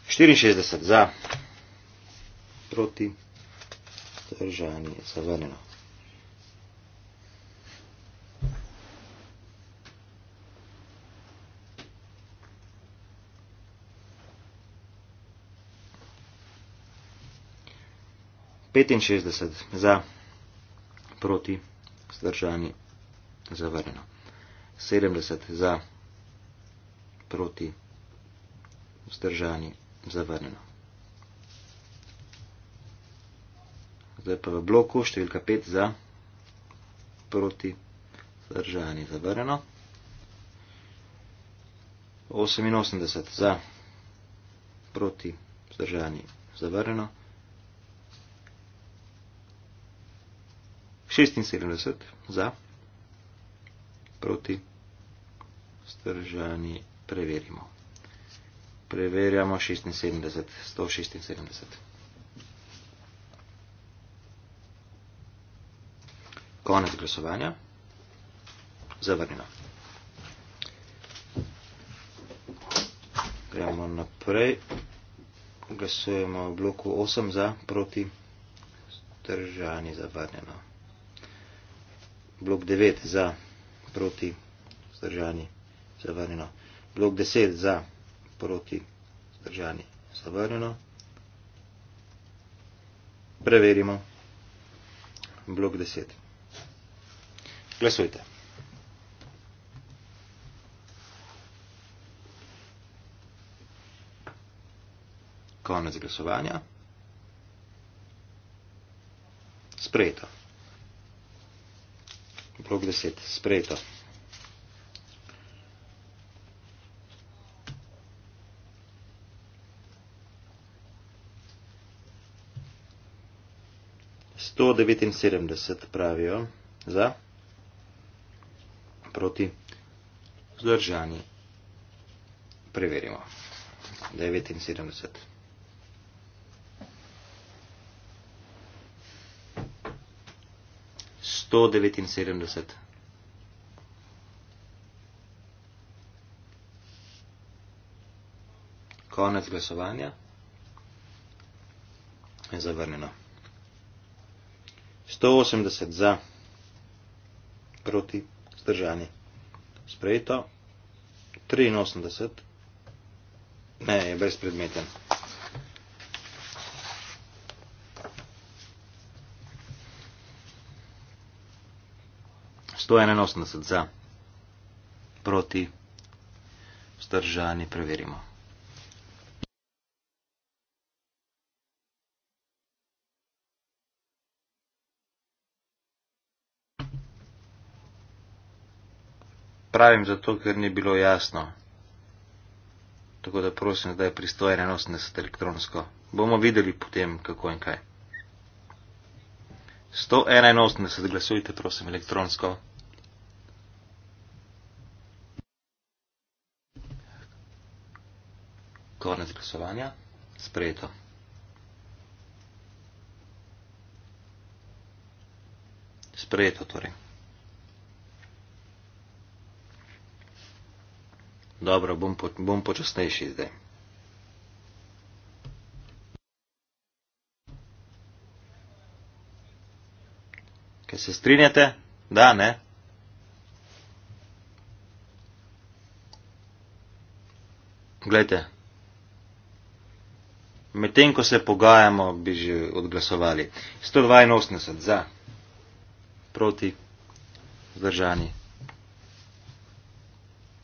64 za, proti, zdržani, zavrnjeno. 65 za, proti, zdržani, zavrnjeno. 70 za, proti, zdržani, zavrnjeno. Zdaj pa v bloku številka 5 za, proti, zdržani, zavrnjeno. 88 za, proti, zdržani, zavrnjeno. 76 za, proti, stržani, preverimo. Preverjamo 76, 176. Konec glasovanja. Zavrnjeno. Gremo naprej. Glasujemo v bloku 8 za, proti, stržani, zavrnjeno blok 9 za proti zdržani zavrnjeno, blok 10 za proti zdržani zavrnjeno, preverimo blok 10. Glasujte. Konec glasovanja. Sprejeto okrog deset sprejeto. Sto devetinsedemdeset pravijo za proti zdržanji. Preverimo. Devetinsedemdeset. 179. Konec glasovanja. Je zavrnjeno. 180 za, proti, zdržani. Sprejeto. 83. Ne, je brezpredmeten. 181 za, proti, vzdržani, preverimo. Pravim zato, ker ni bilo jasno. Tako da prosim, da je pristojen 81 elektronsko. Bomo videli potem, kako in kaj. 181 glasujte, prosim, elektronsko. Konec glasovanja. Sprejeto. Sprejeto torej. Dobro, bom, po, bom počasnejši zdaj. Kaj se strinjate? Da, ne? Glejte. Medtem, ko se pogajamo, bi že odglasovali. 182 za, proti, zdržani,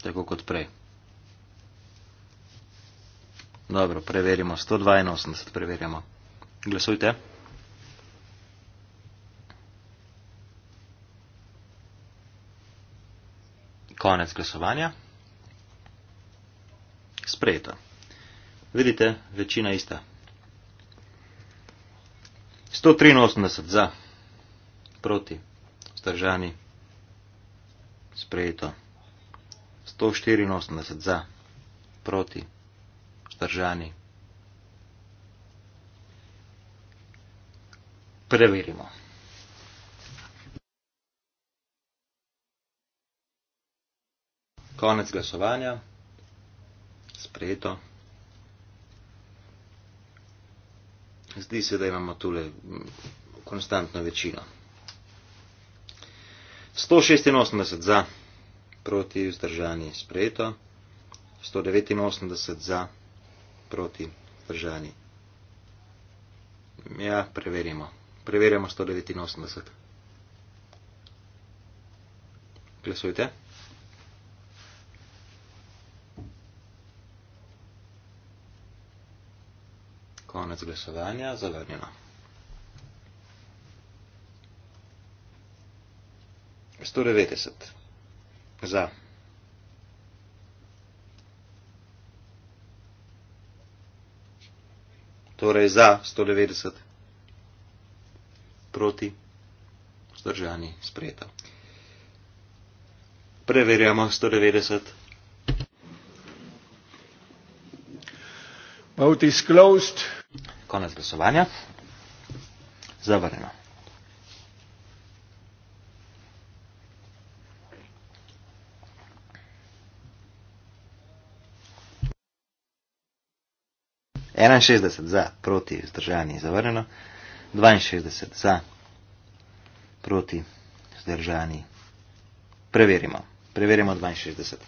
tako kot prej. Dobro, preverimo. 182 preverjamo. Glasujte. Konec glasovanja. Sprejeto. Vidite, večina ista. 183 za, proti, vzdržani, sprejeto. 184 za, proti, vzdržani. Preverimo. Konec glasovanja. Sprejeto. zdi se, da imamo tole mm, konstantno večino. 186 za, proti vzdržani sprejeto, 189 za, proti vzdržani. Ja, preverimo. Preverjamo 189. Glasujte. konec glasovanja zavrnjeno. 190 za. 190. Torej za 190 proti vzdržani sprejeta. Preverjamo 190. Vote is closed. Konec glasovanja. Zavrnjeno. enainšestdeset za proti vzdržani zavrnjeno dvainšestdeset za proti vzdržani preverimo preverimo dvainšestdeset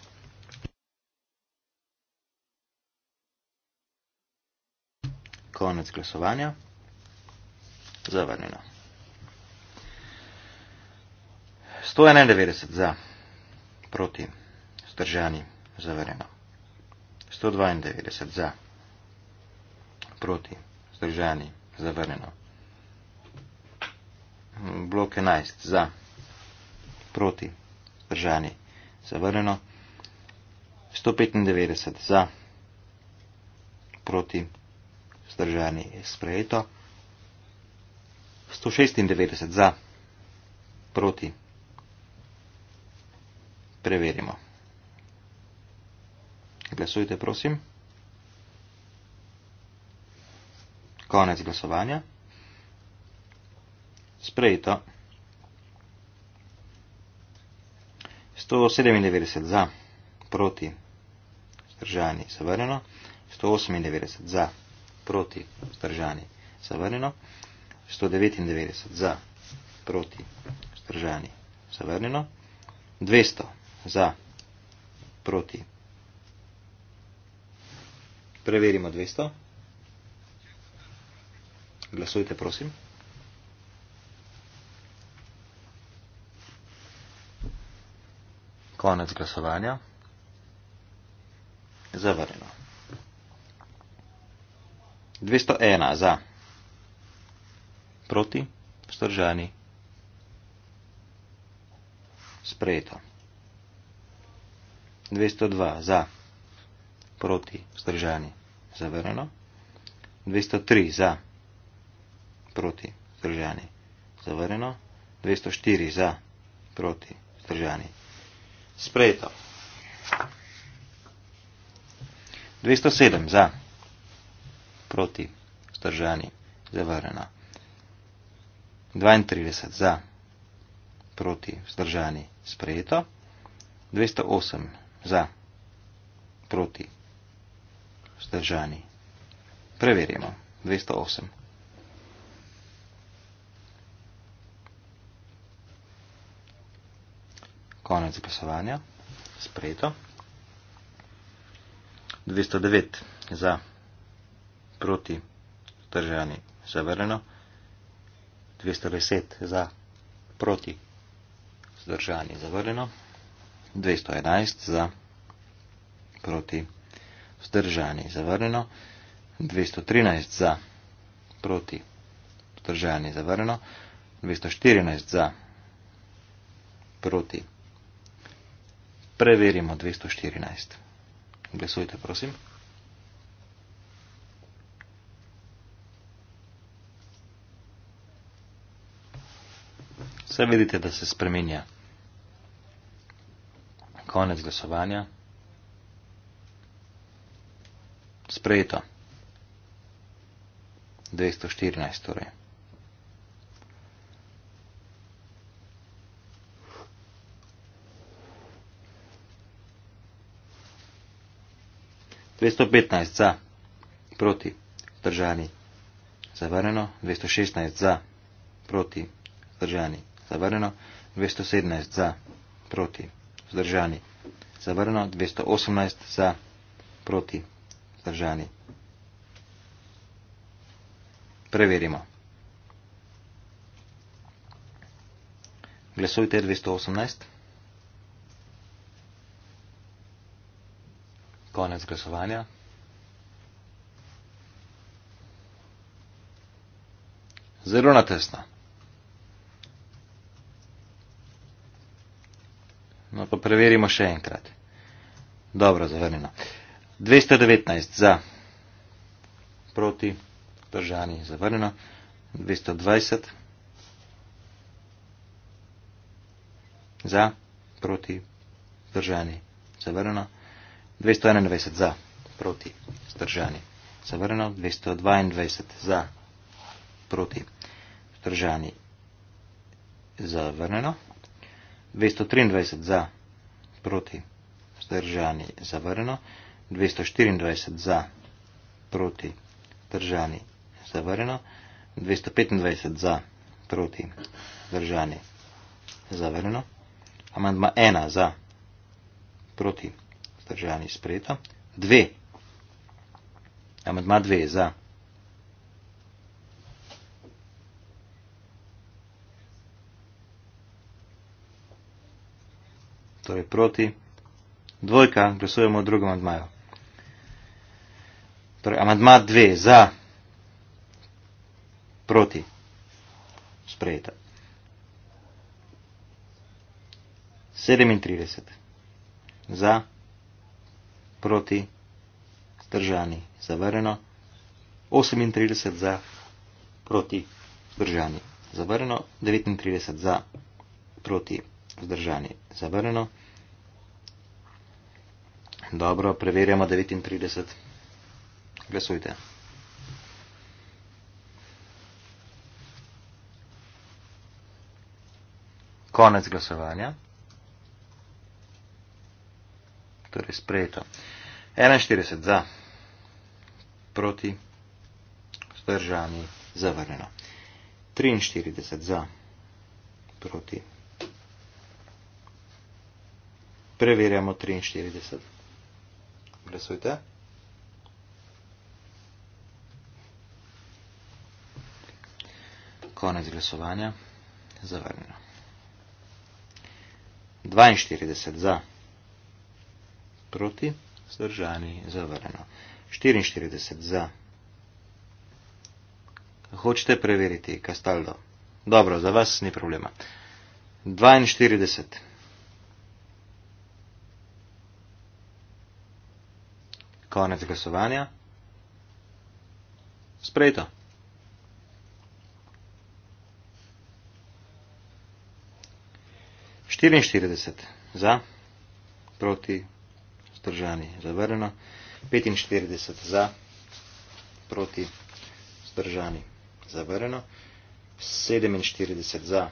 konec glasovanja. Zavrnjeno. 191 za, proti, zdržani, zavrnjeno. 192 za, proti, zdržani, zavrnjeno. Blok 11 za, proti, zdržani, zavrnjeno. 195 za, proti, zdržani, zavrnjeno vzdržani sprejeto. 196 za, proti. Preverimo. Glasujte, prosim. Konec glasovanja. Sprejeto. 197 za, proti, zdržani, zavrnjeno. 198 za, proti, vzdržani, zavrnjeno, 199 za, proti, vzdržani, zavrnjeno, 200 za, proti, preverimo 200, glasujte prosim, konec glasovanja, zavrnjeno. 201 za. Proti. Vzdržani. Sprejeto. 202 za. Proti. Vzdržani. Zavrnjeno. 203 za. Proti. Vzdržani. Zavrnjeno. 204 za. Proti. Vzdržani. Sprejeto. 207 za. Proti proti, vzdržani, zavarjena. 32 za, proti, vzdržani, sprejeto. 208 za, proti, vzdržani. Preverimo. 208. Konec glasovanja. Sprejeto. 209 za proti državi zavrnjeno, 210 za proti zdržani zavrnjeno, 211 za proti zdržani zavrnjeno, 213 za proti zdržani zavrnjeno, 214 za proti. Preverimo 214. Glasujte, prosim. Vse vidite, da se spremenja. Konec glasovanja. Sprejeto. 214 torej. Dvesto petnajst za, proti, zdržani, zavrneno, dvesto šestnajst za, proti, zdržani zavrneno 217 za, proti, vzdržani. Zavrneno 218 za, proti, vzdržani. Preverimo. Glasujte 218. Konec glasovanja. Zelo natesno. Preverimo še enkrat. Dobro, zavrnjeno. 219 za, proti, držani, zavrnjeno. 220 za, proti, držani, zavrnjeno. 291 za, proti, zdržani, zavrnjeno. 222 za, proti, zdržani, zavrnjeno. 223 za, proti, zdržani, zavrnjeno proti, vzdržani, zavrno, 224 za, proti, vzdržani, zavrno, 225 za, proti, vzdržani, zavrno, amandma 1 za, proti, vzdržani, sprejeto, 2, amandma 2 za, proti, torej proti. Dvojka, glasujemo o drugem amadmaju. Torej, amadma dve, za, proti, sprejeta. 37, za, proti, zdržani, zavrjeno. 38 za, proti, zdržani, zavrjeno. 39 za, proti, zdržani, zavrjeno. Dobro, preverjamo 39. Glasujte. Konec glasovanja. Torej, sprejeto. 41 za, proti, vzdržani, zavrnjeno. 43 za, proti. Preverjamo 43 presujte. Konec glasovanja. Zavrnjeno. 42 za. Proti. Zdržani. Zavrnjeno. 44 za. Hočete preveriti, Kastaldo? Dobro, za vas ni problema. 42 za. konec glasovanja. Sprejeto. Štiriinštirideset za, proti, zdržani, zavrljeno. Petinštirideset za, proti, zdržani, zavrljeno. Sedeminštirideset za,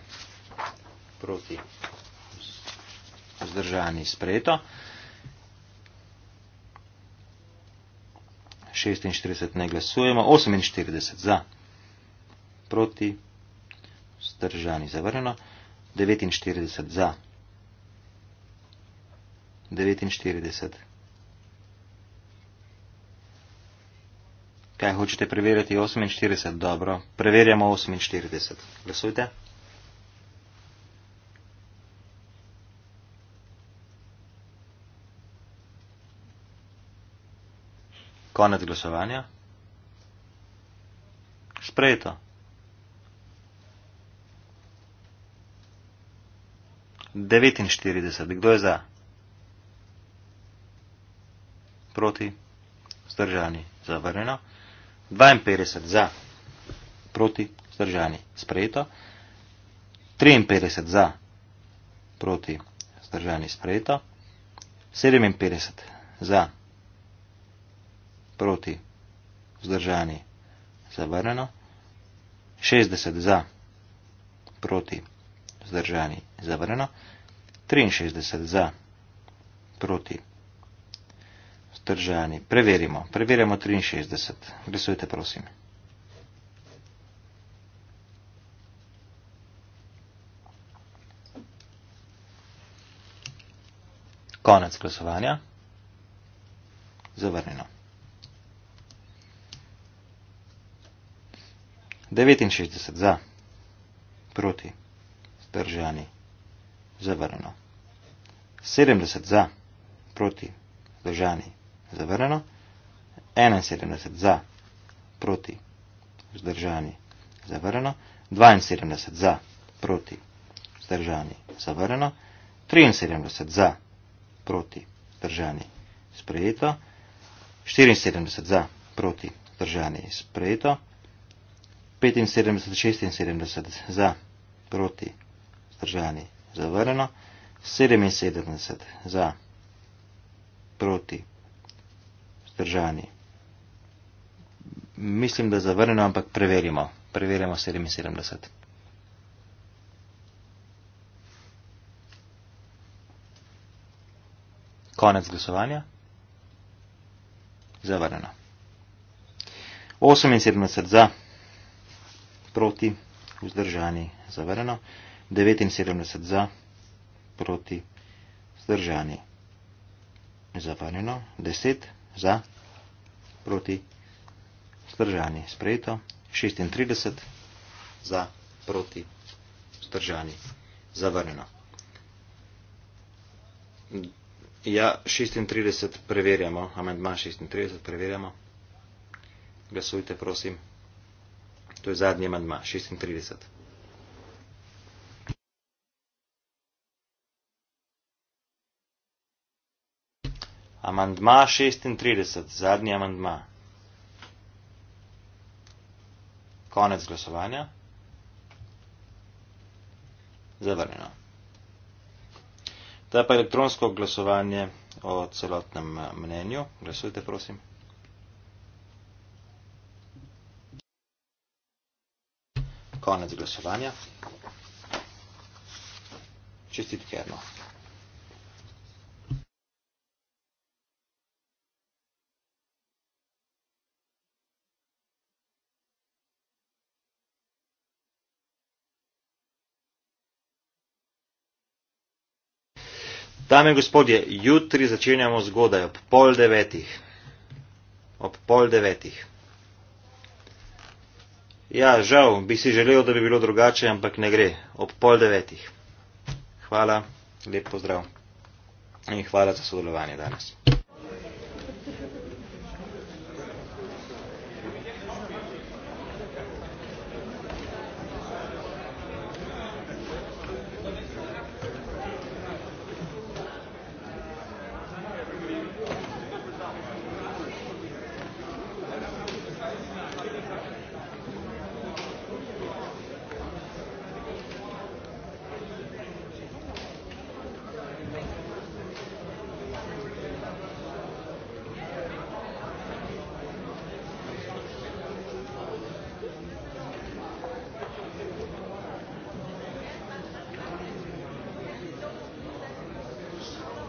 proti, zdržani, sprejeto. 46 ne glasujemo, 48 za, proti, vzdržani, zavrnjeno, 49 za, 49. Kaj hočete preverjati? 48, dobro, preverjamo 48, glasujte. Konec glasovanja. Sprejeto. Devetinštirideset. Kdo je za? Proti. Zdržani. Zavrnjeno. Dvainpetdeset. Za. Proti. Zdržani. Sprejeto. Triinpetdeset. Za. Proti. Zdržani. Sprejeto. Sedeminpetdeset. Za proti, vzdržani, zavrnjeno, 60 za, proti, vzdržani, zavrnjeno, 63 za, proti, vzdržani, preverimo, preverimo 63, glasujte prosim. Konec glasovanja. Zavrnjeno. 69 za, proti, zdržani, zavrneno. 70 za, proti, zdržani, zavrneno. 71 za, proti, zdržani, zavrneno. 72 za, proti, zdržani, zavrneno. 73 za, proti, zdržani, sprejeto. 74 za, proti, zdržani, sprejeto. 75, 76 za, proti, zdržani, zavrneno, 77 za, proti, zdržani. Mislim, da zavrneno, ampak preverimo. Preverimo 77. Konec glasovanja. Zavrneno. 78 za, proti, vzdržani, zavrnjeno, 79 za, proti, vzdržani, zavrnjeno, 10 za, proti, vzdržani, sprejeto, 36 za, proti, vzdržani, zavrnjeno. Ja, 36 preverjamo, amendma 36 preverjamo. Glasujte, prosim. To je zadnji amandma, 36. Amandma 36, zadnji amandma. Konec glasovanja. Zavrnjeno. To je pa elektronsko glasovanje o celotnem eh, mnenju. Glasujte, prosim. konec glasovanja. Čestitke, Erno. Dame in gospodje, jutri začenjamo zgodaj ob pol devetih. Ob pol devetih. Ja, žal, bi si želel, da bi bilo drugače, ampak ne gre. Ob pol devetih. Hvala, lep pozdrav in hvala za sodelovanje danes.